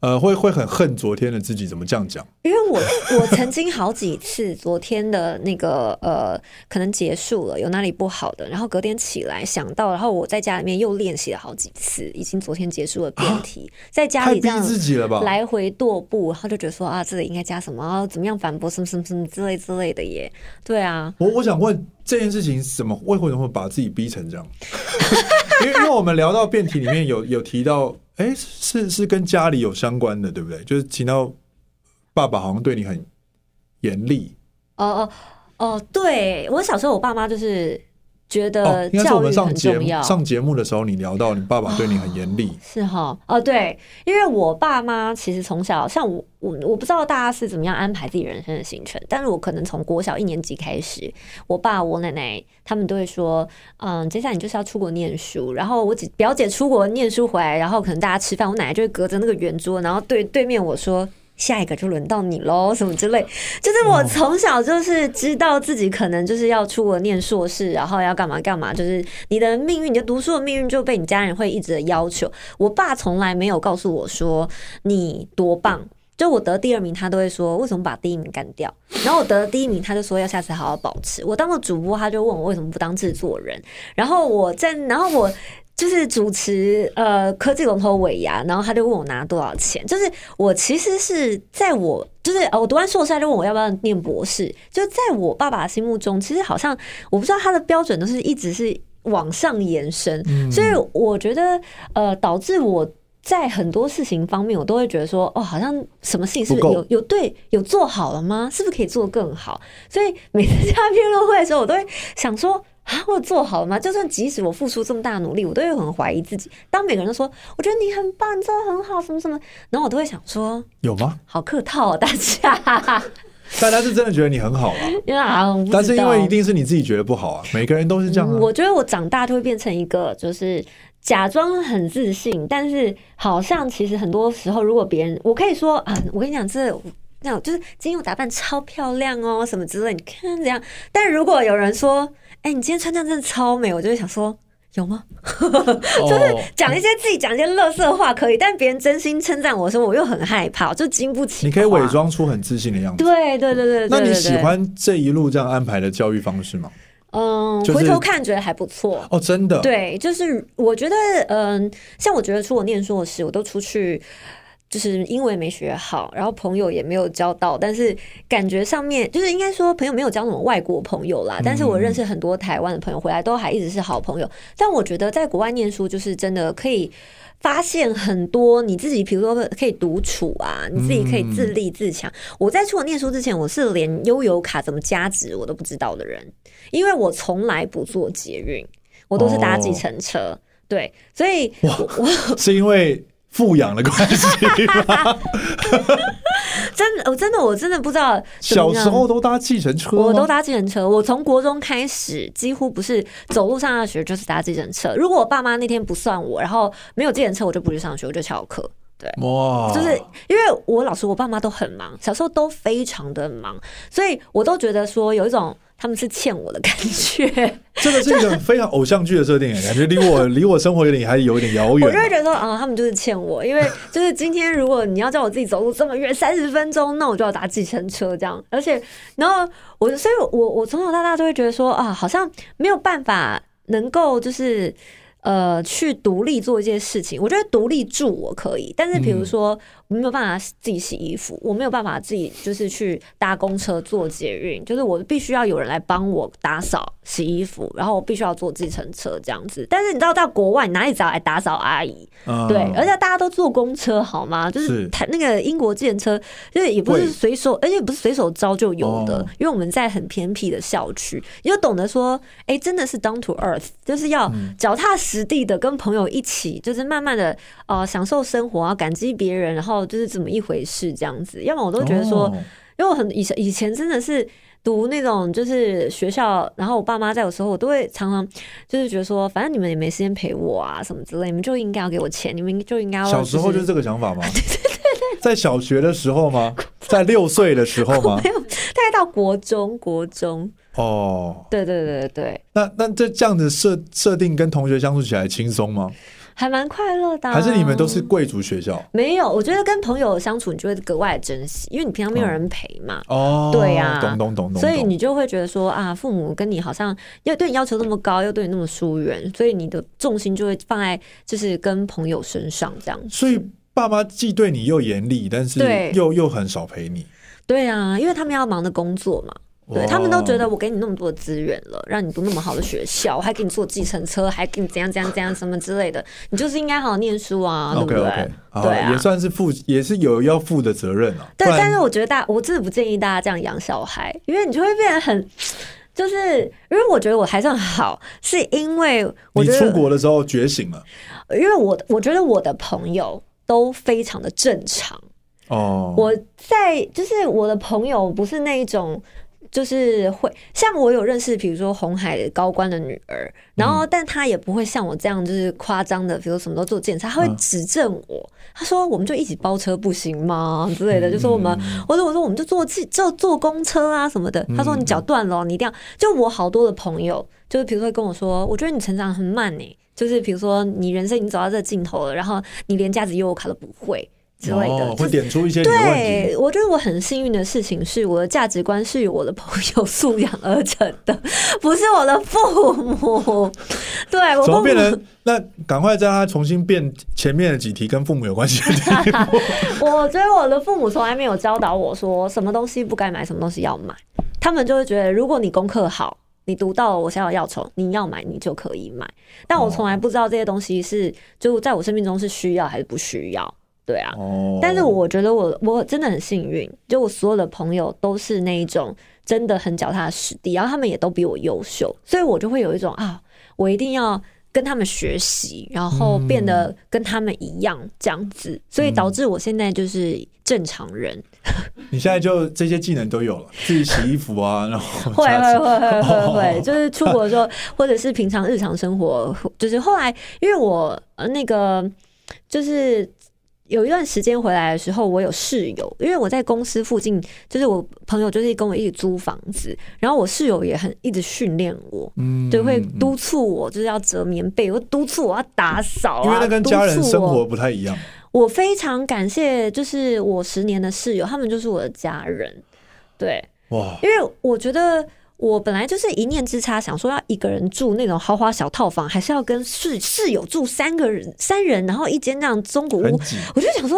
呃，會會很恨昨天的自己？怎麼這樣講？因為我我曾經好幾次昨天的那個 呃，可能結束了有哪裡不好的，然後隔天起來想到，然後我在家裡面又練習了好幾次，已經昨天結束了辯題，啊，在家裡這樣太逼自己了吧，來回踱步，然後就覺得說啊，這裡應該加什麼啊，然後怎麼樣反駁什麼什麼什麼之類之類的耶。對啊，我我想問這件事情怎麼為什麼會把自己逼成這樣？ 因為因為我們聊到辯題裡面有有提到。哎，是是跟家裡有相關的，對不對？就是提到爸爸，好像對你很嚴厲。哦哦哦，對，我小時候，我爸媽就是。覺得教育很重要。哦、應該是我們上節上節目的時候，你聊到你爸爸對你很嚴厲。哦。是哈，哦，對，因為我爸媽其實從小，像我，我我不知道大家是怎麼樣安排自己人生的行程，但是我可能從國小一年級開始，我爸我奶奶他們都會說，嗯，接下來你就是要出國念書，然後我姐表姐出國念書回來，然後可能大家吃飯，我奶奶就會隔着那個圓桌，然後對對面我說。下一個就輪到你嘍，什麼之類，就是我從小就是知道自己可能就是要出國念碩士，然後要幹嘛幹嘛，就是你的命運，你就讀書的命運就被你家人會一直的要求。我爸從來沒有告訴我說你多棒，就我得第二名，他都會說為什麼把第一名幹掉。然後我得了第一名，他就說要下次好好保持。我當了主播，他就問我為什麼不當制作人。然後我在，然後我。就是主持呃科技龍頭尾牙，然後他就問我拿多少錢。就是我其實是在我就是我讀完碩士，他就問我要不要念博士。就在我爸爸心目中，其實好像我不知道他的標準都是一直是往上延伸，嗯、所以我覺得呃導致我。在很多事情方面，我都會覺得說，哦，好像什麼事情是，不是有，有對，有做好了嗎？是不是可以做得更好？所以每次參加辯論會的時候，我都會想說，啊，我做好了嗎？就算即使我付出這麼大努力，我都會很懷疑自己。當每個人都說，我覺得你很棒，真的很好，什麼什麼，然後我都會想說，有嗎？好客套，啊，大家， 大家是真的覺得你很好啊，因為啊，但是因為一定是你自己覺得不好啊，每個人都是這樣，啊嗯。我覺得我長大就會變成一個，就是。假裝很自信，但是好像其實很多時候，如果別人我可以說啊，我跟你講，這那種就是今天我打扮超漂亮哦，什麼之類，你看這樣？但如果有人說，哎、欸，你今天穿這樣真的超美，我就會想說，有嗎？ 就是講一些、oh. 自己講一些樂色話可以，但別人真心稱讚我說，我又很害怕，就經不起。你可以偽裝出很自信的樣子。對對對對，對，對對對對，那你喜歡這一路這樣安排的教育方式嗎？嗯、就是，回頭看覺得還不錯哦，真的對，就是我覺得，嗯，像我覺得，出我念書的時候，我都出去，就是英文沒學好，然後朋友也沒有交到，但是感覺上面就是應該說朋友沒有交什麼外國朋友啦、嗯，但是我認識很多台灣的朋友，回來都還一直是好朋友，但我覺得在國外念書就是真的可以。發現很多你自己，比如說可以獨處啊，你自己可以自立自強。嗯。我在出國念書之前，我是連悠遊卡怎麼加值我都不知道的人，因為我從來不坐捷運，我都是搭計程車，哦。對，所以我是因為。富養的關係， 真的，我真的我真的不知道。小時候都搭計程, 程車，我都搭計程車。我從國中開始，幾乎不是走路上大學就是搭計程車。如果我爸媽那天不算我，然後沒有計程車，我就不去上學，我就翹課。對，哇、wow，就是因為我老師，我爸媽都很忙，小時候都非常的忙，所以我都覺得說有一種。他們是欠我的感覺， 這個是一個非常偶像劇的設定， 感覺離我離我生活有點 還有點遙遠。我就會覺得說啊、嗯，他們就是欠我，因為就是今天如果你要叫我自己走路這麼遠三十分鐘，那我就要搭計程車這樣。而且，然後我所以我，我我從小到大都會覺得說啊，好像沒有辦法能夠就是呃去獨立做一件事情。我覺得獨立住我可以，但是比如說。嗯我沒有辦法自己洗衣服，我沒有辦法自己就是去搭公車、坐捷運，就是我必須要有人來幫我打掃、洗衣服，然後我必須要坐計程車，這樣子。但是你知道，到國外哪裡找來打掃阿姨？Oh. 對，而且大家都坐公車，好嗎？就是他那個英國計程車，是就是也不是隨手，而且不是隨手招就有的，oh. 因為我們在很偏僻的校區，你就懂得說，哎、欸，真的是 down to earth，就是要腳踏實地的跟朋友一起，嗯、就是慢慢的呃享受生活啊，感激別人，然後。就是怎麼一回事這樣子，要麼我都覺得說，oh. 因為我很以前以前真的是讀那種就是學校，然後我爸媽在有時候，我都會常常就是覺得說，反正你們也沒時間陪我啊，什麼之類，你們就應該要給我錢，你們就應該要、就是、小時候就是這個想法嗎？ 在小學的時候嗎？在六歲的時候嗎？ 沒有，大概到國中，國中哦，oh. 對，對對對對對。那那這這樣子設設定跟同學相處起來輕鬆嗎？還蠻快樂的、啊，還是你們都是貴族學校？沒有，我覺得跟朋友相處，你就會格外珍惜，因為你平常沒有人陪嘛。哦，對呀、懂，懂，懂，所以你就會覺得說啊，父母跟你好像又對你要求那麼高，又對你那麼疏遠，所以你的重心就會放在就是跟朋友身上這樣子。所以爸媽既對你又嚴厲，但是又又很少陪你。對啊，因為他們要忙著工作嘛。對，他們都覺得我給你那麼多資源了，讓你讀那麼好的學校，我還給你坐計程車，還給你怎樣怎樣怎樣什麼之類的，你就是應該好好念書啊，對不對？Okay, okay. 對、啊、也算是負，也是有要負的責任了、啊。對，但是我覺得大，我真的不建議大家這樣養小孩，因為你就會變得很，就是因為我覺得我還算好，是因為我覺得你出國的時候覺醒了，因為我我覺得我的朋友都非常的正常哦，我在就是我的朋友不是那一種。就是會像我有認識，比如說紅海的高官的女兒，然後但她也不會像我這樣，就是誇張的，比如說什麼都做檢查，她會指正我。她說：“我們就一起包車不行嗎？”之類的，就說我們，我說我說我們就坐自就坐公車啊什麼的。她說：“你腳斷了，你一定要。”就我好多的朋友，就是比如說會跟我說：“我覺得你成長很慢誒。”就是比如說你人生已經走到這盡頭了，然後你連駕駛又卡都不會。哦、oh, 就是，會點出一些對我覺得我很幸運的事情，是我的價值觀是由我的朋友素養而成的，不是我的父母。對，怎麼變成 那？趕快叫他重新變前面的幾題跟父母有關係的題目 我覺得我的父母從來沒有教導我說什麼東西不該買，什麼東西要買。他們就會覺得，如果你功課好，你讀到了我想要要求，你要買，你就可以買。但我從來不知道這些東西是就在我生命中是需要還是不需要。對啊，但是我覺得我我真的很幸運，就我所有的朋友都是那一種真的很腳踏實地，然後他們也都比我優秀，所以我就會有一種啊，我一定要跟他們學習，然後變得跟他們一樣這樣子，所以導致我現在就是正常人。嗯，你現在就這些技能都有了，自己洗衣服啊，然後 會會會會會會、哦，就是出國的時候，或者是平常日常生活，就是後來因為我那個就是。有一段時間回來的時候，我有室友，因為我在公司附近，就是我朋友，就是跟我一起租房子。然後我室友也很一直訓練我，對、嗯，會督促我就是要折棉被，我督促我要打掃、啊，因為那跟家人生活不太一樣。我，我非常感謝，就是我十年的室友，他們就是我的家人，對。哇！因為我覺得。我本來就是一念之差，想說要一個人住那種豪華小套房，還是要跟室室友住三個人三人，然後一間那樣中古屋，我就想說，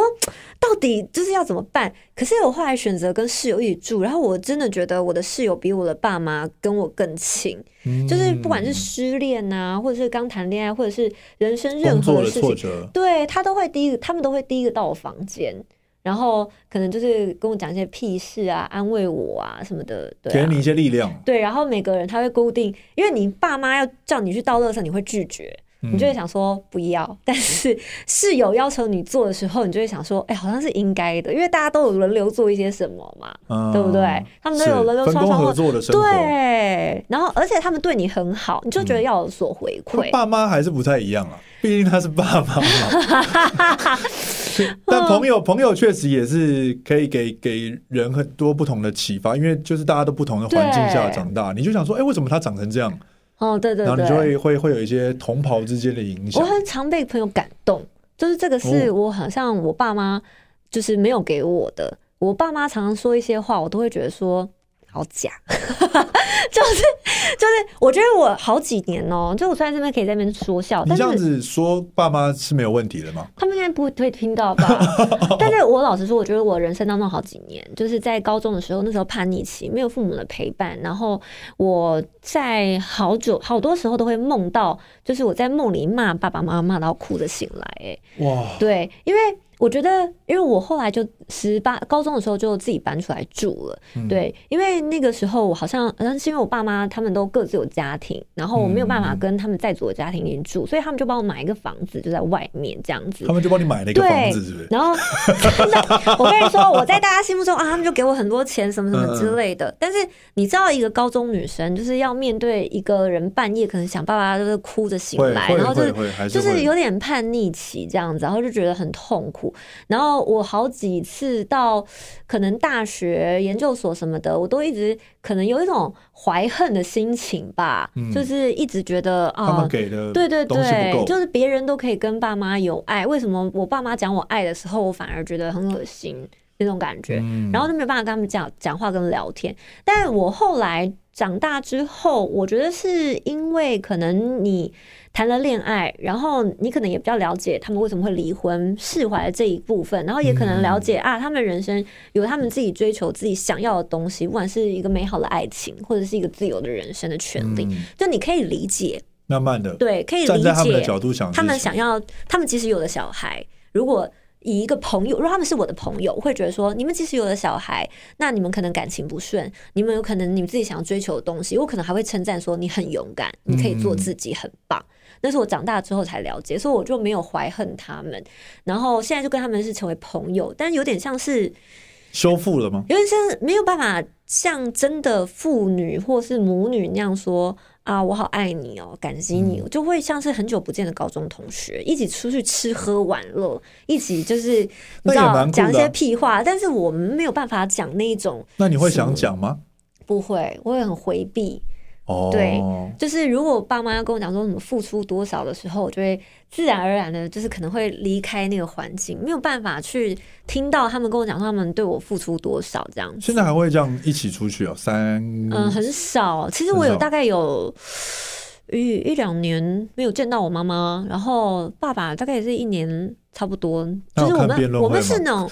到底就是要怎麼辦？可是我後來選擇跟室友一起住，然後我真的覺得我的室友比我的爸媽跟我更親。嗯，就是不管是失戀啊，或者是剛談戀愛，或者是人生任何的事情，對他都會第一個，他們都會第一個到我房間。然後可能就是跟我講一些屁事啊，安慰我啊什麼的，對啊，給你一些力量。對，然後每個人他會固定，因為你爸媽要叫你去倒垃圾，你會拒絕。你就會想說不要，嗯、但是室友要求你做的時候，你就會想說，哎、欸，好像是應該的，因為大家都有輪流做一些什麼嘛，啊、對不對？他們都有輪流刷刷分工合作的生活，對。然後，而且他們對你很好，你就覺得要有所回饋。嗯、爸媽還是不太一樣啊，畢竟他是爸媽嘛。 但朋友，朋友確實也是可以給給人很多不同的啟發，因為就是大家都不同的環境下長大，你就想說，哎、欸，為什麼他長成這樣？哦，對對對，然後你就會會會有一些同袍之間的影響。我很常被朋友感動，就是這個是我好像我爸媽就是沒有給我的。哦，我爸媽常常說一些話，我都會覺得說。好假，就 是，就是，就是、我覺得我好幾年哦、喔，就我雖然這邊可以在那邊說笑。你這樣子說爸媽是沒有問題的嗎？他們應該不會聽到吧？ 但是我老實說，我覺得我人生當中好幾年，就是在高中的時候，那時候叛逆期，沒有父母的陪伴，然後我在好久好多時候都會夢到，就是我在夢裡罵爸爸媽媽，罵到哭着醒來、欸。哇，對，因為。我覺得，因為我後來就十八高中的時候就自己搬出來住了，對，因為那個時候我好像好像是因為我爸媽他們都各自有家庭，然後我沒有辦法跟他們在組的家庭裡面住，所以他們就幫我買一個房子，就在外面這樣子。他們就幫你買了一個房子，對。然後 我跟你說我在大家心目中啊，他們就給我很多錢，什麼什麼之類的。但是你知道，一個高中女生就是要面對一個人半夜可能想爸爸，就是哭着醒來，然後就是就是有點叛逆期這樣子，然後就覺得很痛苦。然後我好幾次到可能大學、研究所什麼的，我都一直可能有一種懷恨的心情吧，嗯、就是一直覺得啊，他們給的對對對，就是別人都可以跟爸媽有愛，為什麼我爸媽講我愛的時候，我反而覺得很噁心那種感覺，嗯、然後就沒辦法跟他們講講話跟聊天。但我後來長大之後，我覺得是因為可能你。談了戀愛，然後你可能也比較了解他們為什麼會離婚、釋懷這一部分，然後也可能了解、嗯、啊，他們人生有他們自己追求自己想要的東西，不管是一個美好的愛情，或者是一個自由的人生的權利，嗯、就你可以理解，慢慢的對，可以站在他們的角度想，他們想要，他們即使有了小孩，如果以一個朋友，如果他們是我的朋友，我會覺得說，你們即使有了小孩，那你們可能感情不順，你們有可能你們自己想要追求的東西，我可能還會稱讚說你很勇敢，你可以做自己，很棒。嗯嗯那是我長大之後才了解，所以我就沒有懷恨他們，然後現在就跟他們是成為朋友，但有點像是修復了嗎？有點像沒有辦法像真的父女或是母女那樣說，啊，我好愛你哦，感激你哦，嗯，就會像是很久不見的高中同學，一起出去吃喝玩樂，一起就是你知道，那也蠻酷的啊，講一些屁話，但是我們沒有辦法講那種，那你會想講嗎？不會，我會很迴避。Oh. 對，就是如果爸媽跟我講說什麼付出多少的時候，我就會自然而然的，就是可能會離開那個環境，沒有辦法去聽到他們跟我講說他們對我付出多少這樣子。現在還會這樣一起出去哦、喔，三嗯，很少。其實我有大概有，嗯、一一兩年沒有見到我媽媽，然後爸爸大概也是一年差不多。就是我們我們是那種，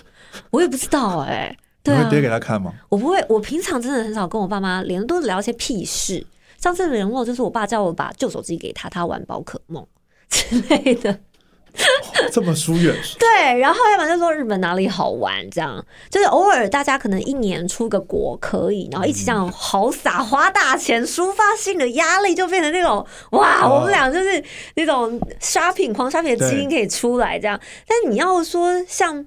我也不知道哎、欸。對啊、 你會給他看嗎？我不會，我平常真的很少跟我爸媽連都聊一些屁事。上次的聯絡就是我爸叫我把舊手機給他，他玩寶可夢之類的，哦，這麼疏遠。 對，然後要不然就說日本哪裡好玩，這樣就是偶爾大家可能一年出個國可以，然後一起這樣好撒花大錢，抒發心裡的壓力就變成那種哇、哦，我們倆就是那種 shopping 狂 shopping 的基因可以出來這樣。但你要說像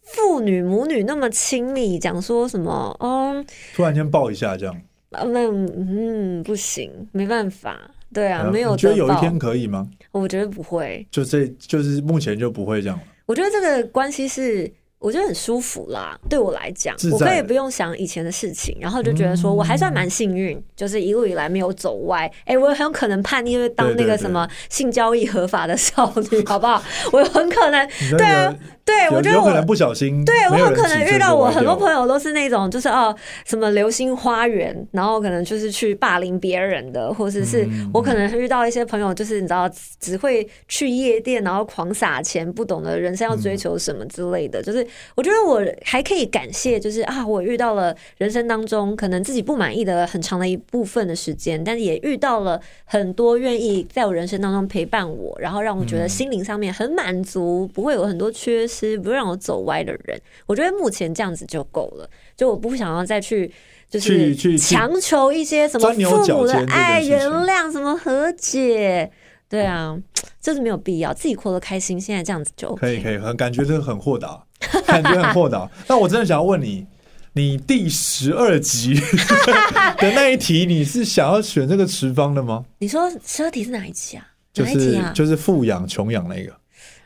父女母女那麼親密，講說什麼，嗯、哦，突然間抱一下這樣。那嗯不行，沒辦法，對啊，啊沒有覺得有一天可以嗎？我覺得不會，就這就是目前就不會這樣。我覺得這個關係是。我覺得很舒服啦，對我來講，我可以不用想以前的事情，嗯、然後就覺得說我還算蠻幸運，嗯、就是一路以來沒有走歪。哎、欸，我很有可能叛逆，因為當那個什麼性交易合法的少女，對對對好不好？我很可能 對啊，有對有，我覺得我有可能不小心，對我很可能遇到我很多朋友都是那種，就是哦、啊、什麼流星花園，然後可能就是去霸凌別人的，或者是，是我可能遇到一些朋友，就是你知道只會去夜店，然後狂撒錢，不懂得人生要追求什麼之類的，嗯、就是。我覺得我還可以感謝，就是啊，我遇到了人生當中可能自己不滿意的很長的一部分的時間，但是也遇到了很多願意在我人生當中陪伴我，然後讓我覺得心靈上面很滿足，不會有很多缺失，不會讓我走歪的人。我覺得目前這樣子就夠了，就我不想要再去就是去強求一些什麼父母的愛、原諒、什麼和解，對啊，這、嗯，就是沒有必要。自己過得開心，現在這樣子就、OK、可以，可以很感覺是很豁達。 感覺很厚道，但我真的想要問你，你第十二集的那一題，你是想要選這個持方的嗎？你說十二題是哪一題啊？就是、啊、就是富養窮養那個。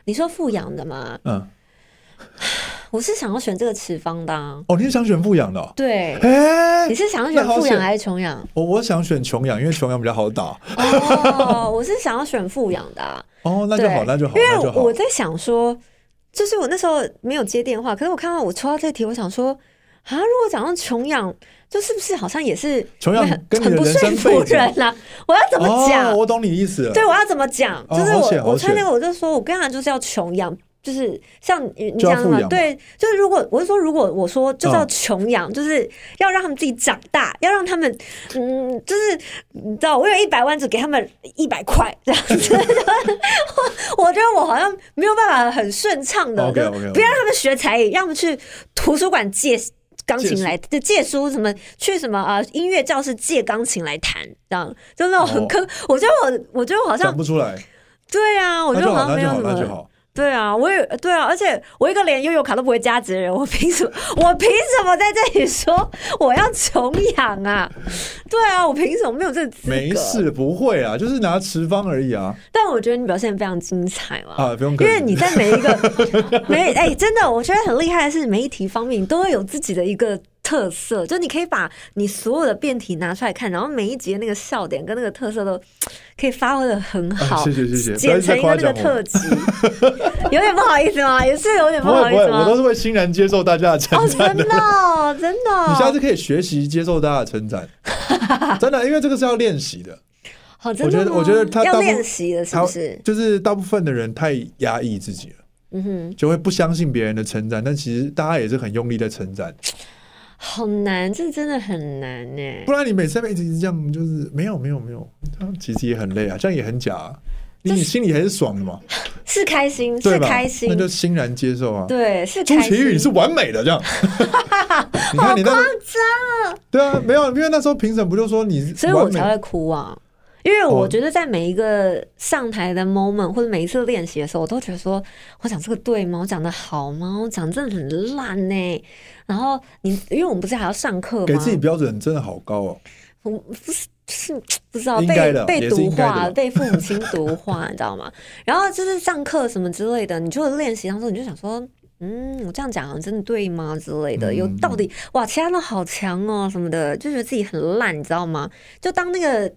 你說富養的嗎？嗯， 我是想要選這個持方的、啊。哦，你是想選富養的、哦？對。哎、欸，你是想要選富養還是窮養？我我想選窮養，因為窮養比較好打。 哦，我是想要選富養的、啊。哦，那就好，那就好，那就好。因為我在想說。就是我那時候沒有接電話，可是我看到我抽到這題，我想說啊，如果講到窮養，就是不是好像也是窮養很不順服人啊？我要怎麼講？哦，我懂你意思了，對，我要怎麼講？哦，就是我我看那個我就說我剛才就是要窮養。就是像你這樣嘛你，對，就是如果我是說，如果我說就叫窮養，就是要讓他們自己長大，要讓他們嗯，就是你知道，我有一百萬，只給他們一百塊這樣子 我。我覺得我好像沒有辦法很順暢的， 不要讓他們學才藝，要麼去圖書館借鋼琴來，就借書什麼，去什麼啊音樂教室借鋼琴來彈，這樣真的很坑，哦。我覺得我我覺得我好像，對啊，我覺得好像沒有什麼。對啊，我也，對啊，而且我一個連悠遊卡都不會加值的人，我憑什麼？我憑什麼在這裡說我要窮養啊？對啊，我憑什麼沒有這個資格？沒事，不會啊，就是拿持方而已啊。但我覺得你表現非常精彩嘛。啊，不用。因為你在每一個沒哎、 欸，真的，我覺得很厲害的是，每一題方面你都會有自己的一個。特色，就你可以把你所有的辯題拿出來看，然後每一集的那個笑點跟那個特色都可以發揮得很好。謝謝謝謝。剪成一個，那個特輯。 有點不好意思嗎？也是有點不好意思。不會不會。我都是會欣然接受大家的稱讚、哦、真的、哦、真的、哦， 你下次可以學習接受大家的稱讚。 真的，因為這個是要練習的。哦、真的哦。我覺得我覺得他要練習的，是不是？就是大部分的人太壓抑自己了，嗯哼，就會不相信別人的稱讚，但其實大家也是很用力在稱讚。很難，這真的很難呢、欸。不然你每次一直這樣，就是沒有沒有沒有，沒有沒有這樣其實也很累啊，這樣也很假、啊你。你心裡還是爽的嘛？ 是開心，是吧？是開心，那就欣然接受啊。對，是開心，朱琦郁，你是完美的這樣。 你看你那 好誇張啊！對啊，沒有，因為那時候評審不就說你，所以我才會哭啊。因為我覺得在每一個上台的 moment、哦、或者每一次練習的時候，我都覺得說我講這個對嗎？我講的好嗎？我講真的很爛呢、欸。然後你因為我們不是還要上課嗎？給自己標準真的好高哦。我不是、就是不知道被被毒化、被父母親毒化，你知道嗎？ 然後就是上課什麼之類的，你就練習的時候你就想說，嗯，我這樣講真的對嗎？之類的，嗯、有到底哇，其他的都好強哦，什麼的，就覺得自己很爛，你知道嗎？就當那個。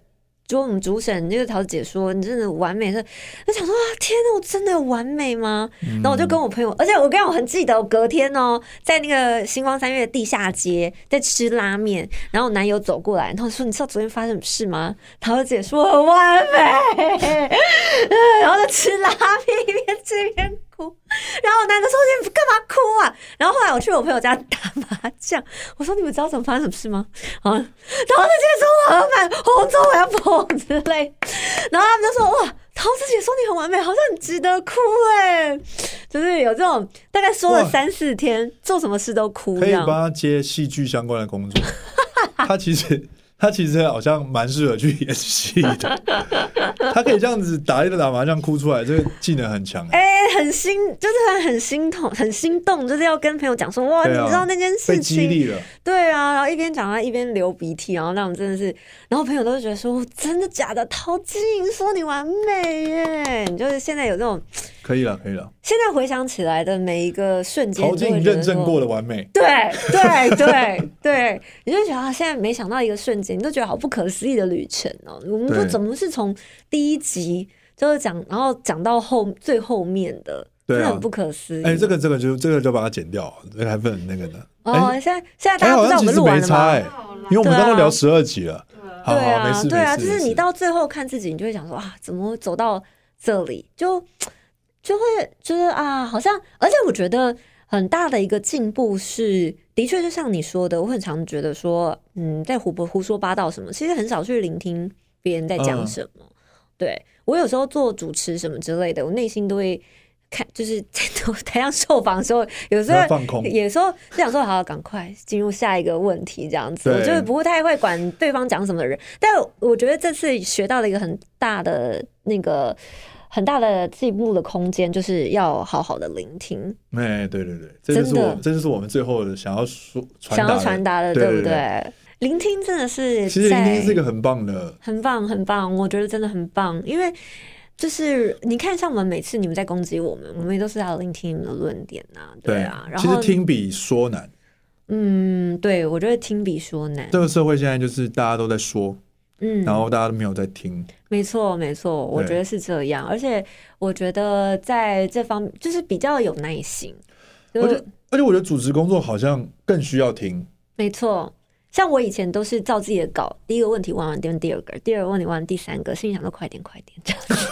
就我們主審，那個桃子姐說：“你真的完美。是”她我想說：“天吶我真的有完美嗎？”然後我就跟我朋友，而且我跟你講我很記得，我隔天哦，在那個星光三越地下街在吃拉麵，然後我男友走過來，然後說：“你知道昨天發生什麼事嗎？”桃子姐說：“很完美。 ”然後就吃拉麵，一邊吃一邊。哭， 然後男的說：“你幹嘛哭啊？”然後後來我去我朋友家打麻將，我說：“你們知道怎麼發生什麼事嗎？”啊，桃子姐說：“我要買，紅中我要碰之類。然後他們就說：“哇，桃子姐說你很完美，好像很值得哭哎，欸。”就是有這種大概說了三四天，做什麼事都哭。可以幫他接戲劇相關的工作。他其實。 他其實好像蠻適合去演戲的， 他可以這樣子打一個打麻將哭出來，這個技能很強。哎、欸，很心，就是很很心痛，很心動，就是要跟朋友講說，哇、啊，你知道那件事情，被激勵了。對啊，然後一邊講他一邊流鼻涕，然後那種真的是，然後朋友都覺得說，真的假的？陶晶瑩說你完美耶，你就是現在有這種。可以了，可以了。現在回想起來的每一個瞬間，都認證過的完美對。對對對 對，你就覺得啊，現在沒想到一個瞬間，你就覺得好不可思議的旅程哦、喔。我們說怎麼是從第一集就是講，然後講到後最後面的，就、啊、很不可思議。哎、欸，這個這個就這個就把它剪掉了，這個、還問那個呢？哦、欸，現在現在大家不知道我們錄沒差、欸、因為我們剛剛聊十二集了。對啊，好好好對啊，沒事，對啊，就是你到最後看自己，你就會想說啊，怎麼走到這裡就。就會覺得啊，好像，而且我覺得很大的一個進步是，的確就像你說的，我很常覺得說，嗯，在胡不胡說八道什麼，其實很少去聆聽別人在講什麼。嗯、對我有時候做主持什麼之類的，我內心都會看，就是在台上受訪的時候，有時候也說也想說，好好，趕快進入下一個問題這樣子，我就是不太會管對方講什麼人。但我覺得這次學到了一個很大的那個。很大的進步的空間，就是要好好的聆聽。哎，對對對，真的，這就是我們最後的想要說、想要傳達的對對，對不對，對？聆聽真的是，其實聆聽是一個很棒的，很棒，很棒，我覺得真的很棒。因為就是你看，像我們每次你們在攻擊我們，我們也都是要聆聽你們的論點啊，對啊。對，然後，其實聽比說難。嗯，對，我覺得聽比說難。這個社會現在就是大家都在說。嗯，然後大家都沒有在聽。沒錯，沒錯，我覺得是這樣。而且我覺得在這方面就是比較有耐心。而且，而且我覺得主持工作好像更需要聽。沒錯，像我以前都是照自己的稿，第一個問題問完第第二個，第二個問題問完第三個，心裡想說快點，快點，這樣子。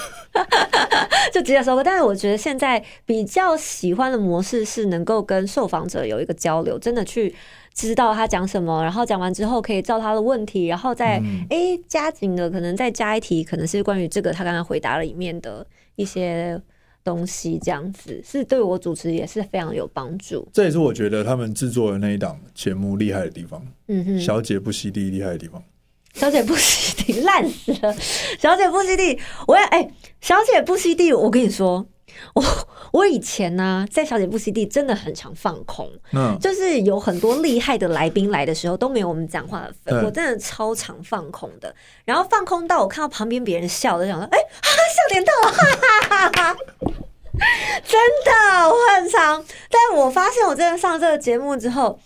就直接收，但是我覺得現在比較喜歡的模式是能夠跟受訪者有一個交流，真的去知道他講什麼，然後講完之後可以照他的問題，然後再誒、嗯欸、加緊的，可能再加一題，可能是關於這個他剛才回答了裡面的一些東西，這樣子是對我主持也是非常有幫助。這也是我覺得他們制作的那一檔節目厲害的地方，嗯哼，小姐不熙娣厲害的地方。小姐不熙娣爛死了，小姐不熙娣，我哎、欸，小姐不熙娣，我跟你說，我我以前呢、啊、在小姐不熙娣真的很常放空，嗯，就是有很多厲害的來賓來的時候都沒有我們講話的份，我真的超常放空的，然後放空到我看到旁邊別人笑，就想說，哎、欸哈哈，笑點到了，哈哈哈哈，真的我很常，但我發現我真的上這個節目之後，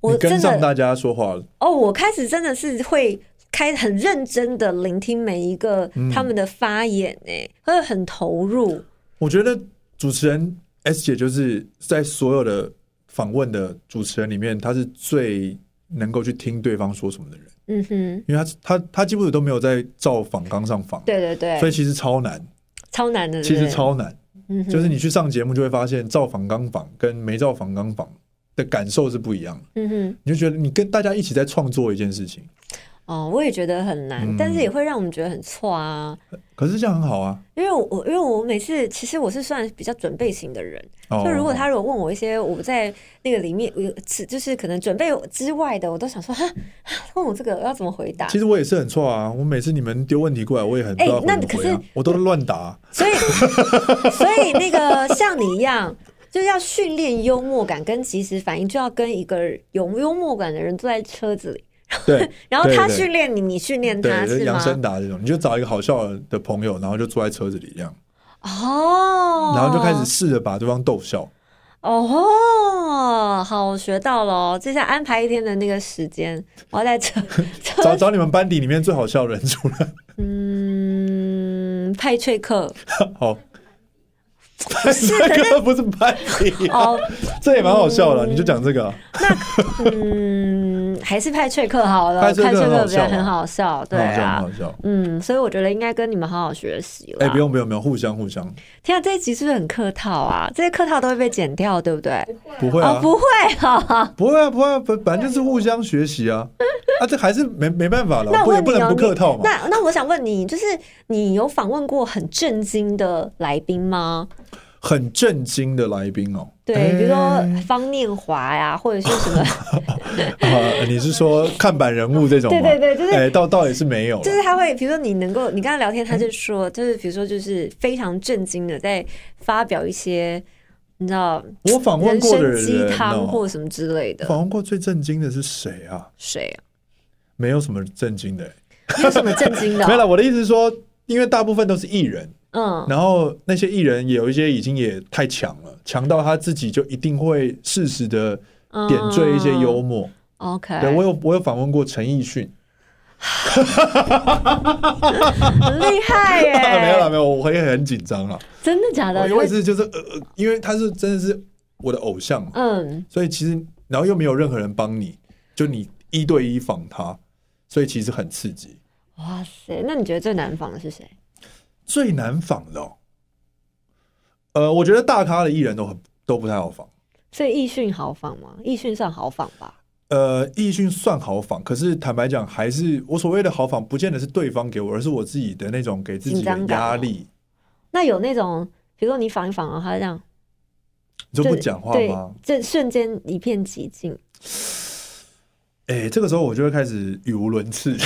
我真的跟上大家說話了，哦、oh，我開始真的是會。開很認真的聆聽每一個他們的發言，欸，哎、嗯，會很投入。我覺得主持人 S 姐就是在所有的訪問的主持人裡面，她是最能夠去聽對方說什麼的人。嗯哼，因為她她她幾乎都沒有在照訪綱上訪，對對對，所以其實超難，超難的，其實超難。嗯哼，就是你去上節目，就會發現照訪綱訪跟沒照訪綱訪的感受是不一樣的。嗯哼，你就覺得你跟大家一起在創作一件事情。哦，我也覺得很難、嗯，但是也會讓我們覺得很錯啊。可是這樣很好啊，因為我因為我每次其實我是算比較準備型的人，就、哦、如果他如果問我一些、哦、我在那個裡面有就是可能準備之外的，我都想說、嗯、哈哈，問我這個要怎麼回答？其實我也是很錯啊，我每次你們丟問題過來，我也很哎、啊欸，那可是我都亂答、啊，所以 所以那個像你一樣，就要訓練幽默感跟即時反應，就要跟一個有幽默感的人坐在車子裡。對， 然後他訓練你，對對對，你訓練他，是嗎？就楊生達這種，你就找一個好笑的朋友，然後就坐在車子裡這樣。哦，然後就開始試着把對方逗笑。哦，好，我學到了、哦。接下來安排一天的那個時間，我要在車 找找找你們班底裡面最好笑的人出來。嗯，派翠克。好、 哦，派翠克不是班底哦、啊，嗯、 這也蠻好笑的、啊，你就講這個、啊。嗯。 還是派翠克好了，派翠克比較很好笑，啊很好笑，對啊，嗯，所以我覺得應該跟你們好好學習了。哎、欸，不用不用不用，互相互相。天啊、啊、這一集是不是很客套啊？這些客套都會被剪掉，對不對？不會啊，哦、不會哈、啊 啊，不會啊，不會，反反正就是互相學習啊。啊，這還是沒沒辦法了， 我不能不能不客套嘛。那那，那我想問你，就是你有訪問過很震驚的來賓嗎？很震驚的來賓哦，對，比如說方念華呀，啊欸，或者是什麼、 啊？你是說看板人物這種、哦？對對對，就是，倒、欸、倒也是沒有，就是他會，比如說你能夠，你跟他聊天，他就說，嗯、就是比如說，就是非常震驚的，在發表一些，你知道，我訪問過的人雞湯或什麼之類的。訪問過最震驚的是誰啊？誰啊？沒有什麼震驚的、欸，有什麼震驚的、啊？ 沒了，我的意思是說，因為大部分都是藝人。嗯，然後那些藝人也有一些已經也太強了，強到他自己就一定會適時的點綴一些幽默。嗯、對 OK，對我有我有訪問過陳奕迅，很 厲害、欸、啊、沒有了沒有，我也很緊張了。真的假的？因為是就是呃呃，因為他是真的是我的偶像嘛，嗯，所以其實然後又沒有任何人幫你就你一對一訪他，所以其實很刺激。哇塞，那你覺得最難訪的是誰？最難訪的，哦，呃，我覺得大咖的藝人都很，都不太好訪。所以易訊好訪嗎？易訊算好訪吧？呃，易訊算好訪，可是坦白講，還是我所謂的好訪，不見得是對方給我，而是我自己的那種給自己的壓力。哦，那有那種，比如說你訪一訪，他這樣，就不講話嗎？這瞬間一片寂靜。哎，這個時候我就會開始語無倫次。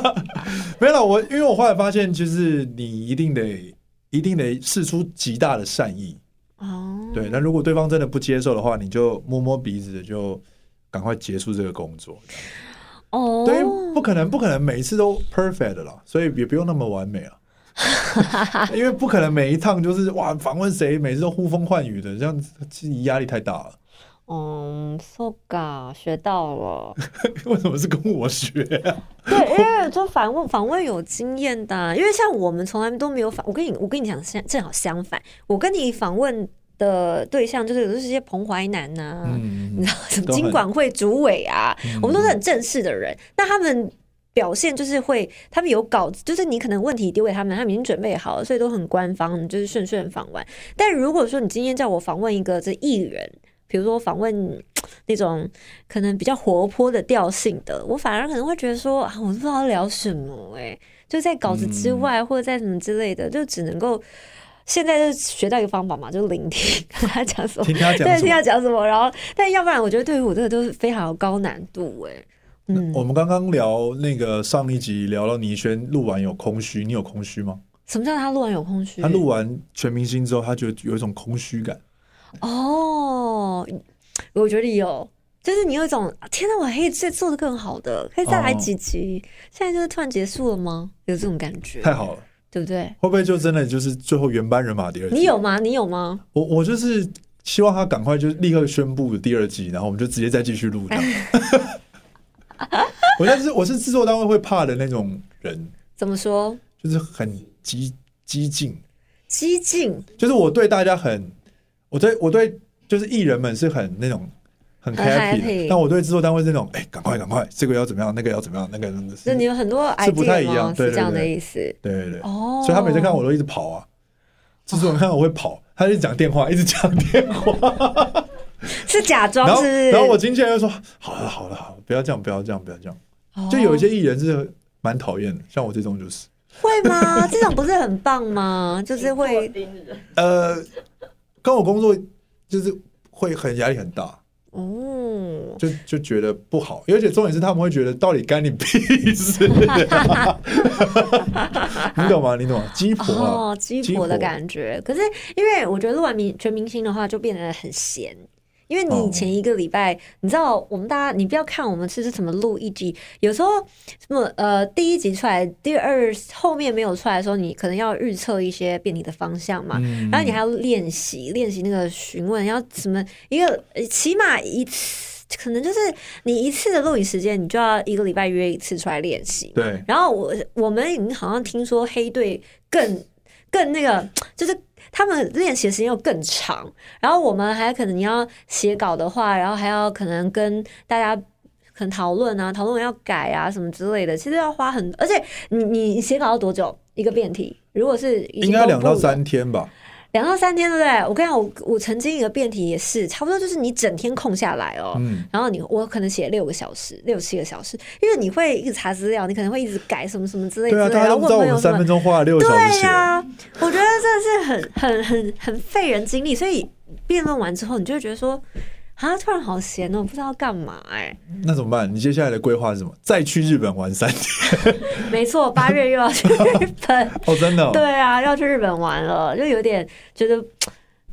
沒有，我因為我後來發現，就是你一定得一定得釋出極大的善意哦。Oh. 對，那如果對方真的不接受的話，你就摸摸鼻子，就趕快結束這個工作。哦，oh. 對，不可能不可能每一次都 perfect 了啦，所以也不用那麼完美啊。 因為不可能每一趟就是哇訪問誰，每次都呼風喚雨的，這樣子其實壓力太大了。嗯、um，So good，學到了。 為什麼是跟我學啊？ 對，因為就訪問訪問有經驗的、啊，因為像我們從來都沒有訪，我跟你我跟你講，相正好相反，我跟你訪問的對象就是有的是一些彭淮南吶、啊嗯，你知道什麼經管會主委啊，我們都是很正式的人，那、嗯、他們表現就是會，他們有稿子，就是你可能問題丟給他們，他們已經準備好了，所以都很官方，就是順順訪問。但如果說你今天叫我訪問一個這藝人，比如說訪問那種可能比較活潑的調性的，我反而可能會覺得說啊，我不知道聊什麼哎、欸，就在稿子之外、嗯、或者在什麼之類的，就只能夠現在就學到一個方法嘛，就聆聽他講什麼，聽他講什,什麼，然後但要不然我覺得對於我這個都是非常有高難度哎、欸。嗯，我們剛剛聊那個上一集聊到倪軒錄完有空虛，你有空虛嗎？什麼叫他錄完有空虛？他錄完全明星之後，他覺得有一種空虛感。哦、oh,，我覺得你有，就是你有一種天哪，我可以再做的更好的，可以再來幾集。Oh. 現在就是突然結束了嗎？有這種感覺？太好了，對不對？會不會就真的就是最後原班人馬第二集？你有嗎？你有嗎？我我就是希望他趕快就立刻宣布第二集，然後我們就直接再繼續錄他 我但是我是製作單位會怕的那種人，怎麼說？就是很激激進，激進，就是我對大家很。我對我對就是藝人們是很那種很 happy，的很 happy 但我對製作單位是那種哎，趕、欸、快趕快，這個要怎麼樣，那個要怎麼樣，那個真的、那個、是。那你有很多、ID、是不太一樣、嗯對對對，是這樣的意思。對對對，哦、oh.，所以他每次看到我都一直跑啊，製作人看到我會跑，oh. 他就講電話，一直講電話， 是假裝是，是。然後，然後我經紀人又說好了好了好，了好了，不要這樣，不要這樣，不要這樣，不要這樣 oh. 就有一些藝人是蠻討厭的，像我這種就是。會嗎？這種不是很棒嗎？ 就是會、嗯、呃。跟我工作就是會很壓力很大哦，就就覺得不好，而且重點是他們會覺得到底干你屁事？ 你懂嗎？你懂嗎？雞婆哦，雞婆，雞婆的感覺。可是因為我覺得錄完明全明星的話，就變得很閒。因為你以前一個禮拜，oh. 你知道，我們大家，你不要看我們是是什麼錄一集，有時候什麼呃，第一集出來，第二後面沒有出來的時候，你可能要預測一些辯題的方向嘛，mm. 然後你還要練習練習那個詢問，要什麼一個起碼一次，可能就是你一次的錄影時間，你就要一個禮拜約一次出來練習。對。然後我我們好像聽說黑隊更更那個就是。他們練習時間又更長，然後我們還可能你要寫稿的話，然後還要可能跟大家很討論啊，討論要改啊什麼之類的，其實要花很，而且你你寫稿要多久一個辯題？如果是應該兩到三天吧。兩到三天，對不對？我跟你講，我，我曾經一個辯題也是，差不多就是你整天空下來哦、嗯，然後你我可能寫六個小時、六七個小時，因為你會一直查資料，你可能會一直改什麼什麼之類的。對啊，大家都不知道我們三分鐘花了六小時。對呀、啊，我覺得這是很很很很費人精力，所以辯論完之後，你就會覺得說。啊！突然好閒哦，喔，不知道幹嘛哎，欸。那怎麼辦？你接下來的規劃是什麼？再去日本玩三天？ 沒錯，八月又要去日本。 哦，真的，哦？對啊，要去日本玩了，就有點覺得，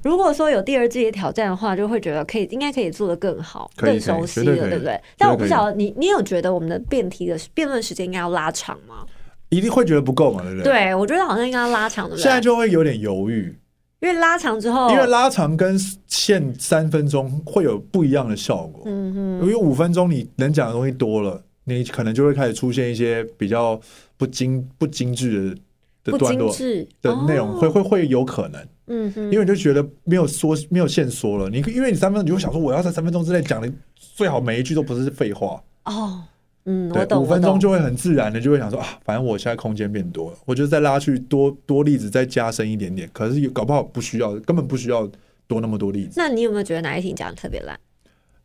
如果說有第二季的挑戰的話，就會覺得可以，應該可以做得更好，更熟悉了，對，對不對？對，但我不曉得你，你，你有覺得我們的辯題的辯論時間應該要拉長嗎？一定會覺得不夠嘛，對不對？對，我覺得好像應該要拉長的，現在就會有點猶豫。因為拉長之後，因為拉長跟限三分鐘會有不一樣的效果。嗯哼，因為五分鐘你能講的東西多了，你可能就會開始出現一些比較不精不精致的的段落的內容，會、哦、會會有可能。嗯哼，因為你就覺得沒有說沒有限縮了，你因為你三分鐘你就想說我要在三分鐘之內講的最好每一句都不是廢話哦。嗯，對，五分鐘就會很自然的就會想說啊，反正我現在空間變多了，我就再拉去多多例子再加深一點點。可是搞不好不需要，根本不需要多那麼多例子。那你有沒有覺得哪一題講的特別爛？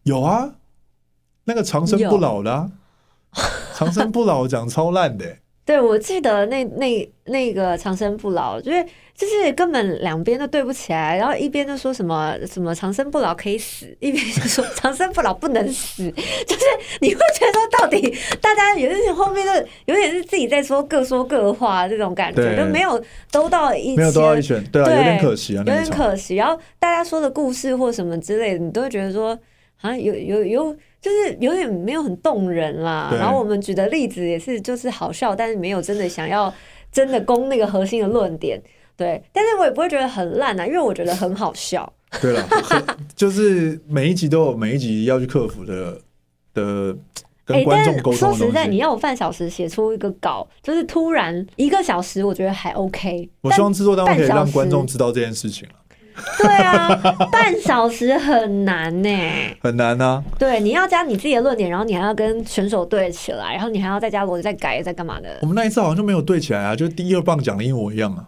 有啊，那個長生不老的，啊，長生不老講超爛的，欸。 對，我記得那那那個長生不老就是。就是根本兩邊都對不起來，然後一邊就說什麼什麼長生不老可以死，一邊就說長生不老不能死。 就是你會覺得說，到底大家有點後面就有點是自己在說各說各話，這種感覺，都沒有兜到一起，沒有兜到一起。對啊，有點可惜啊，有點可惜。然後大家說的故事或什麼之類的，你都會覺得說好像有有有，就是有點沒有很動人啦。然後我們舉的例子也是就是好笑，但是沒有真的想要真的攻那個核心的論點。對，但是我也不會覺得很爛吶，啊，因為我覺得很好笑。對了， 就是每一集都有每一集要去克服的的跟觀眾溝通的東西，欸，但說實在，你要我半小時寫出一個稿，就是突然一個小時，我覺得還 OK。我希望制作單位可以讓觀眾知道這件事情啊。對啊，半小時很難呢，欸，很難啊。對，你要加你自己的論點，然後你還要跟選手對起來，然後你還要再加邏輯、再改、再幹嘛的。我們那一次好像就沒有對起來啊，就第一二棒講的一模一樣啊。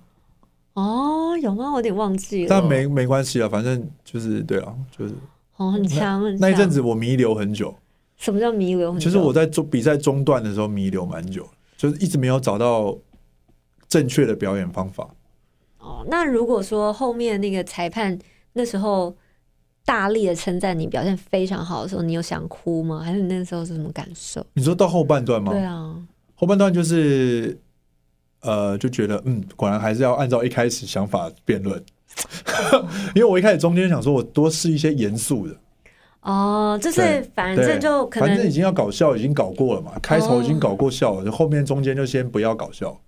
哦，有嗎？我有點忘記了。但沒沒關係啊，反正就是對啊，就是哦，很強，很強。那一陣子我彌留很久。什麼叫彌留很久？就是我在中比賽中段的時候彌留蠻久，就是一直沒有找到正確的表演方法。哦，那如果說後面那個裁判那時候大力的稱讚你表現非常好的時候，你有想哭嗎？還是你那時候是什麼感受？你說到後半段嗎？嗯，對啊，後半段就是。呃，就覺得嗯，果然還是要按照一開始想法辯論， 因為我一開始中間想說我多試一些嚴肅的，哦，就是反正就可能反正已經要搞笑，已經搞過了嘛，開頭已經搞過笑了，哦、後面中間就先不要搞笑。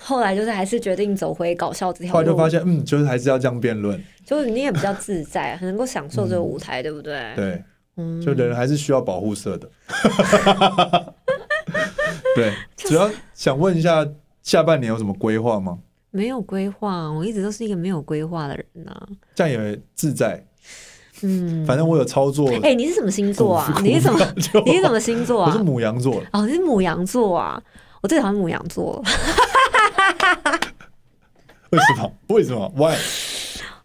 後來就是還是決定走回搞笑之後。後來就發現嗯，就是還是要這樣辯論，就你也比較自在， 很能夠享受這個舞台，嗯，對不對？對，嗯，就人還是需要保護色的。 對，主、就是啊、要想問一下，下半年有什麼規劃嗎？沒有規劃、啊，我一直都是一個沒有規劃的人吶、啊。這樣也自在。嗯，反正我有操作。哎、欸，你是什麼星座啊？你是什麼？你是什麼星座啊？ 啊？我是母羊座。哦，你是母羊座啊？我最討厭母羊座。 為什麼？為什麼？Why？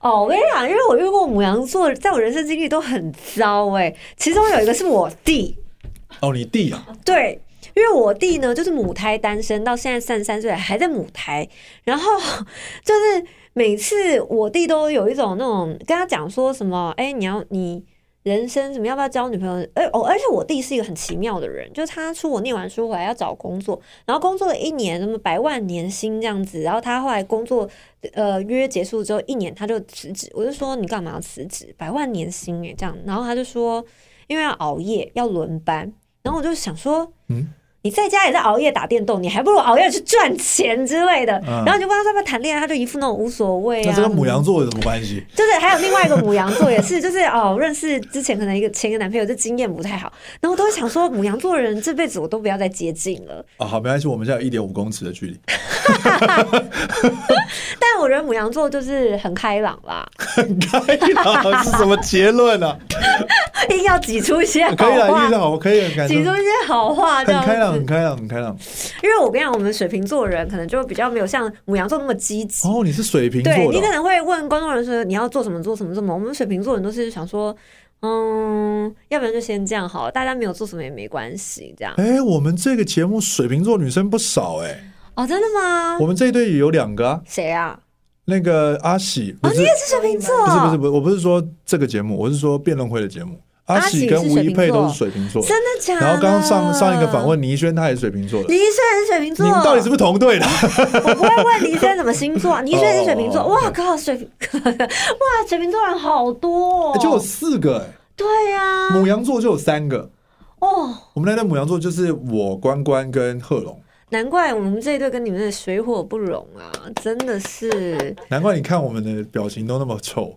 哦，我跟你講，因為我遇過母羊座，在我人生經歷都很糟哎。其中有一個是我弟。哦，你弟啊？對。因為我弟呢，就是母胎單身，到現在三十三歲還在母胎。然後就是每次我弟都有一種那種跟他講說什麼，哎、欸，你要你人生什麼要不要交女朋友？哎、欸、哦，而且我弟是一個很奇妙的人，就是他說我念完書回來要找工作，然後工作了一年，什麼百萬年薪這樣子。然後他後來工作呃約結束之後一年他就辭職，我就說你幹嘛要辭職？百萬年薪耶這樣。然後他就說因為要熬夜要輪班。然後我就想說嗯。你在家也在熬夜打電動，你還不如熬夜去賺錢之類的。嗯、然後你就問他在不在談戀愛，啊，他就一副那種無所謂啊。啊嗯、啊這跟、個、牡羊座有什麼關係？就是還有另外一個牡羊座，也是 就是哦，認識之前可能一個前一個男朋友這經驗不太好，然後我都會想說牡羊座的人這輩子我都不要再接近了。哦、啊，好，沒關係，我們現在有一點五公尺的距離。 但我覺得牡羊座就是很開朗啦 以了，很開朗，什麼結論啊？一定要擠出一些好話，我可以，擠出一些好話，很開朗，很開朗，很開朗。因為我跟你講我們水瓶座的人可能就比較沒有像牡羊座那麼積極。哦，你是水瓶座，對，你可能會問觀眾人說你要做什麼做什麼什麼。我們水瓶座人都是想說，嗯，要不然就先這樣好了，大家沒有做什麼也沒關係，這樣。哎、欸，我們這個節目水瓶座女生不少、欸，哎。哦、oh,，真的嗎？我們這一隊有兩個啊？誰啊？那個阿喜、啊、你也是水瓶座啊？不是不是不是，我不是說這個節目，我是說辯論會的節目。阿喜跟吳一佩都是水瓶座，真的假的？然後剛剛上上一個訪問倪軒，他也是水瓶座的。倪軒也是水瓶座，你們到底是不是同隊的？我，我不會問倪軒什麼星座？ 倪軒是水瓶座。哇靠，水哇水瓶座人好多哦，欸、就有四個、欸。對呀、啊，牡羊座就有三個。哦、oh.，我們那隊牡羊座就是我關關跟賀龍。難怪我們這一對跟你們的水火不容啊，真的是。難怪你看我們的表情都那麼醜。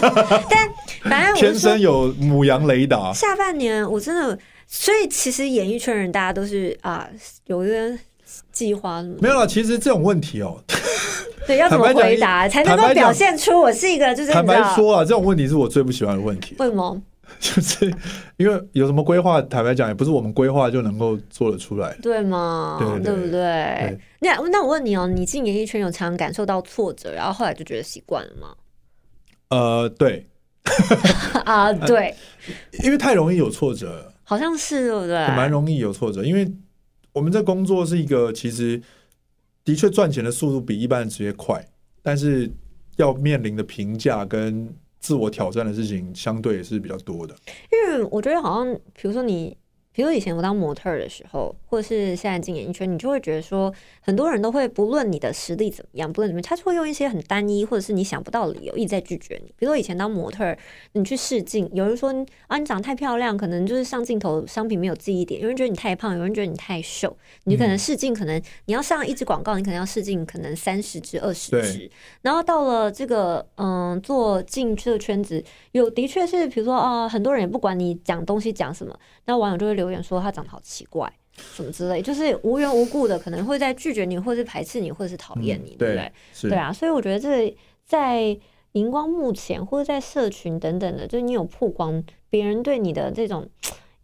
但反正我天生有牡羊雷達。下半年我真的，所以其實演藝圈人大家都是啊，有一些計劃。沒有啦，其實這種問題哦、喔， 對，要怎麼回答才能夠表現出我是一個就是坦白,坦白說啊，這種問題是我最不喜歡的問題。為什麼？ 就是因為有什麼規劃，坦白講也不是我們規劃就能夠做得出來，對嗎？對對對，對不對？那那我問你喔，你進演藝圈有常常感受到挫折，然後後來就覺得習慣了嗎？呃，對， 啊，對，因為太容易有挫折了，好像是，對不對？蠻容易有挫折，因為我們在工作是一個，其實的確賺錢的速度比一般的職業快，但是要面臨的評價跟。自我挑戰的事情相對也是比較多的，因為我覺得好像，比如說你。比如以前我當模特的時候，或者是現在進演藝圈，你就會覺得說，很多人都會不論你的實力怎麼樣，不論怎麼樣，他就會用一些很單一，或者是你想不到的理由一直在拒絕你。比如以前當模特，你去試鏡，有人說啊你長得太漂亮，可能就是上鏡頭商品沒有記憶點；有人覺得你太胖，有人覺得你太瘦。你可能試鏡，可能、嗯、你要上一支廣告，你可能要試鏡可能三十支、二十支。然後到了這個嗯，做進去的圈子，有的確是，比如說啊，很多人也不管你講東西講什麼，那網友就會留。有點說他長得好奇怪，什麼之類，就是無緣無故的，可能會在拒絕你，或者是排斥你，或者是討厭你、嗯對，對不對？是，對啊。所以我覺得，這在熒光幕前，或者在社群等等的，就是你有曝光別人對你的這種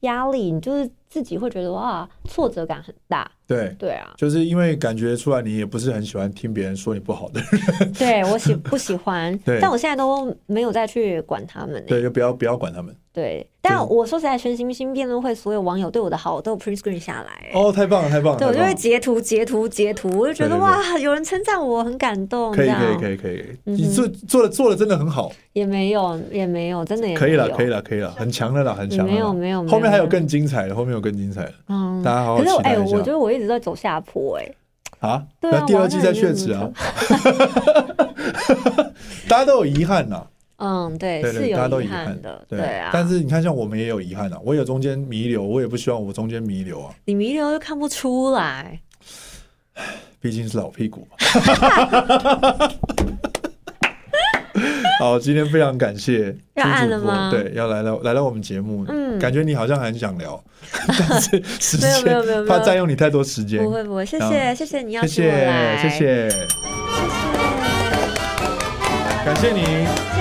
壓力，你就是自己會覺得哇，挫折感很大。對，對啊，就是因為感覺出來，你也不是很喜歡聽別人說你不好的。 對，我不喜歡。 但我現在都沒有再去管他們。對，就不要不要管他們。對，但我說實在，全明星辯論會所有網友對我的好我都 print screen 下來、欸、哦，太棒了，太棒了！對，我就會截圖、截圖、截圖，對對對我就覺得哇，有人稱讚我很感動可。可以，可以，可以，可以，嗯、你做做的做的真的很好。也沒有，也沒有，真的也。可以了，可以了，可以了，很強的啦，很強。沒有，沒有，後面還有更精彩的，後面有更精彩的，嗯，大家好好期待一下可是，哎，我覺得我一直在走下坡、欸，哎。對啊，那、啊、第二季再雪恥啊！ 大家都有遺憾吶、啊。嗯，對，對對是有大家都遺憾的，對啊。對啊，但是你看，像我們也有遺憾啊。我有中間彌留，我也不希望我中間彌留啊。你彌留又看不出來，畢竟是老屁股嘛。 好，今天非常感謝朱主播，對，要來到，來到我們節目，嗯，感覺你好像很想聊， 但是時間 沒有沒有沒有，怕占用你太多時間，不會不會，謝謝謝謝，你要謝謝謝謝，謝謝，謝謝 Hello. 感謝你。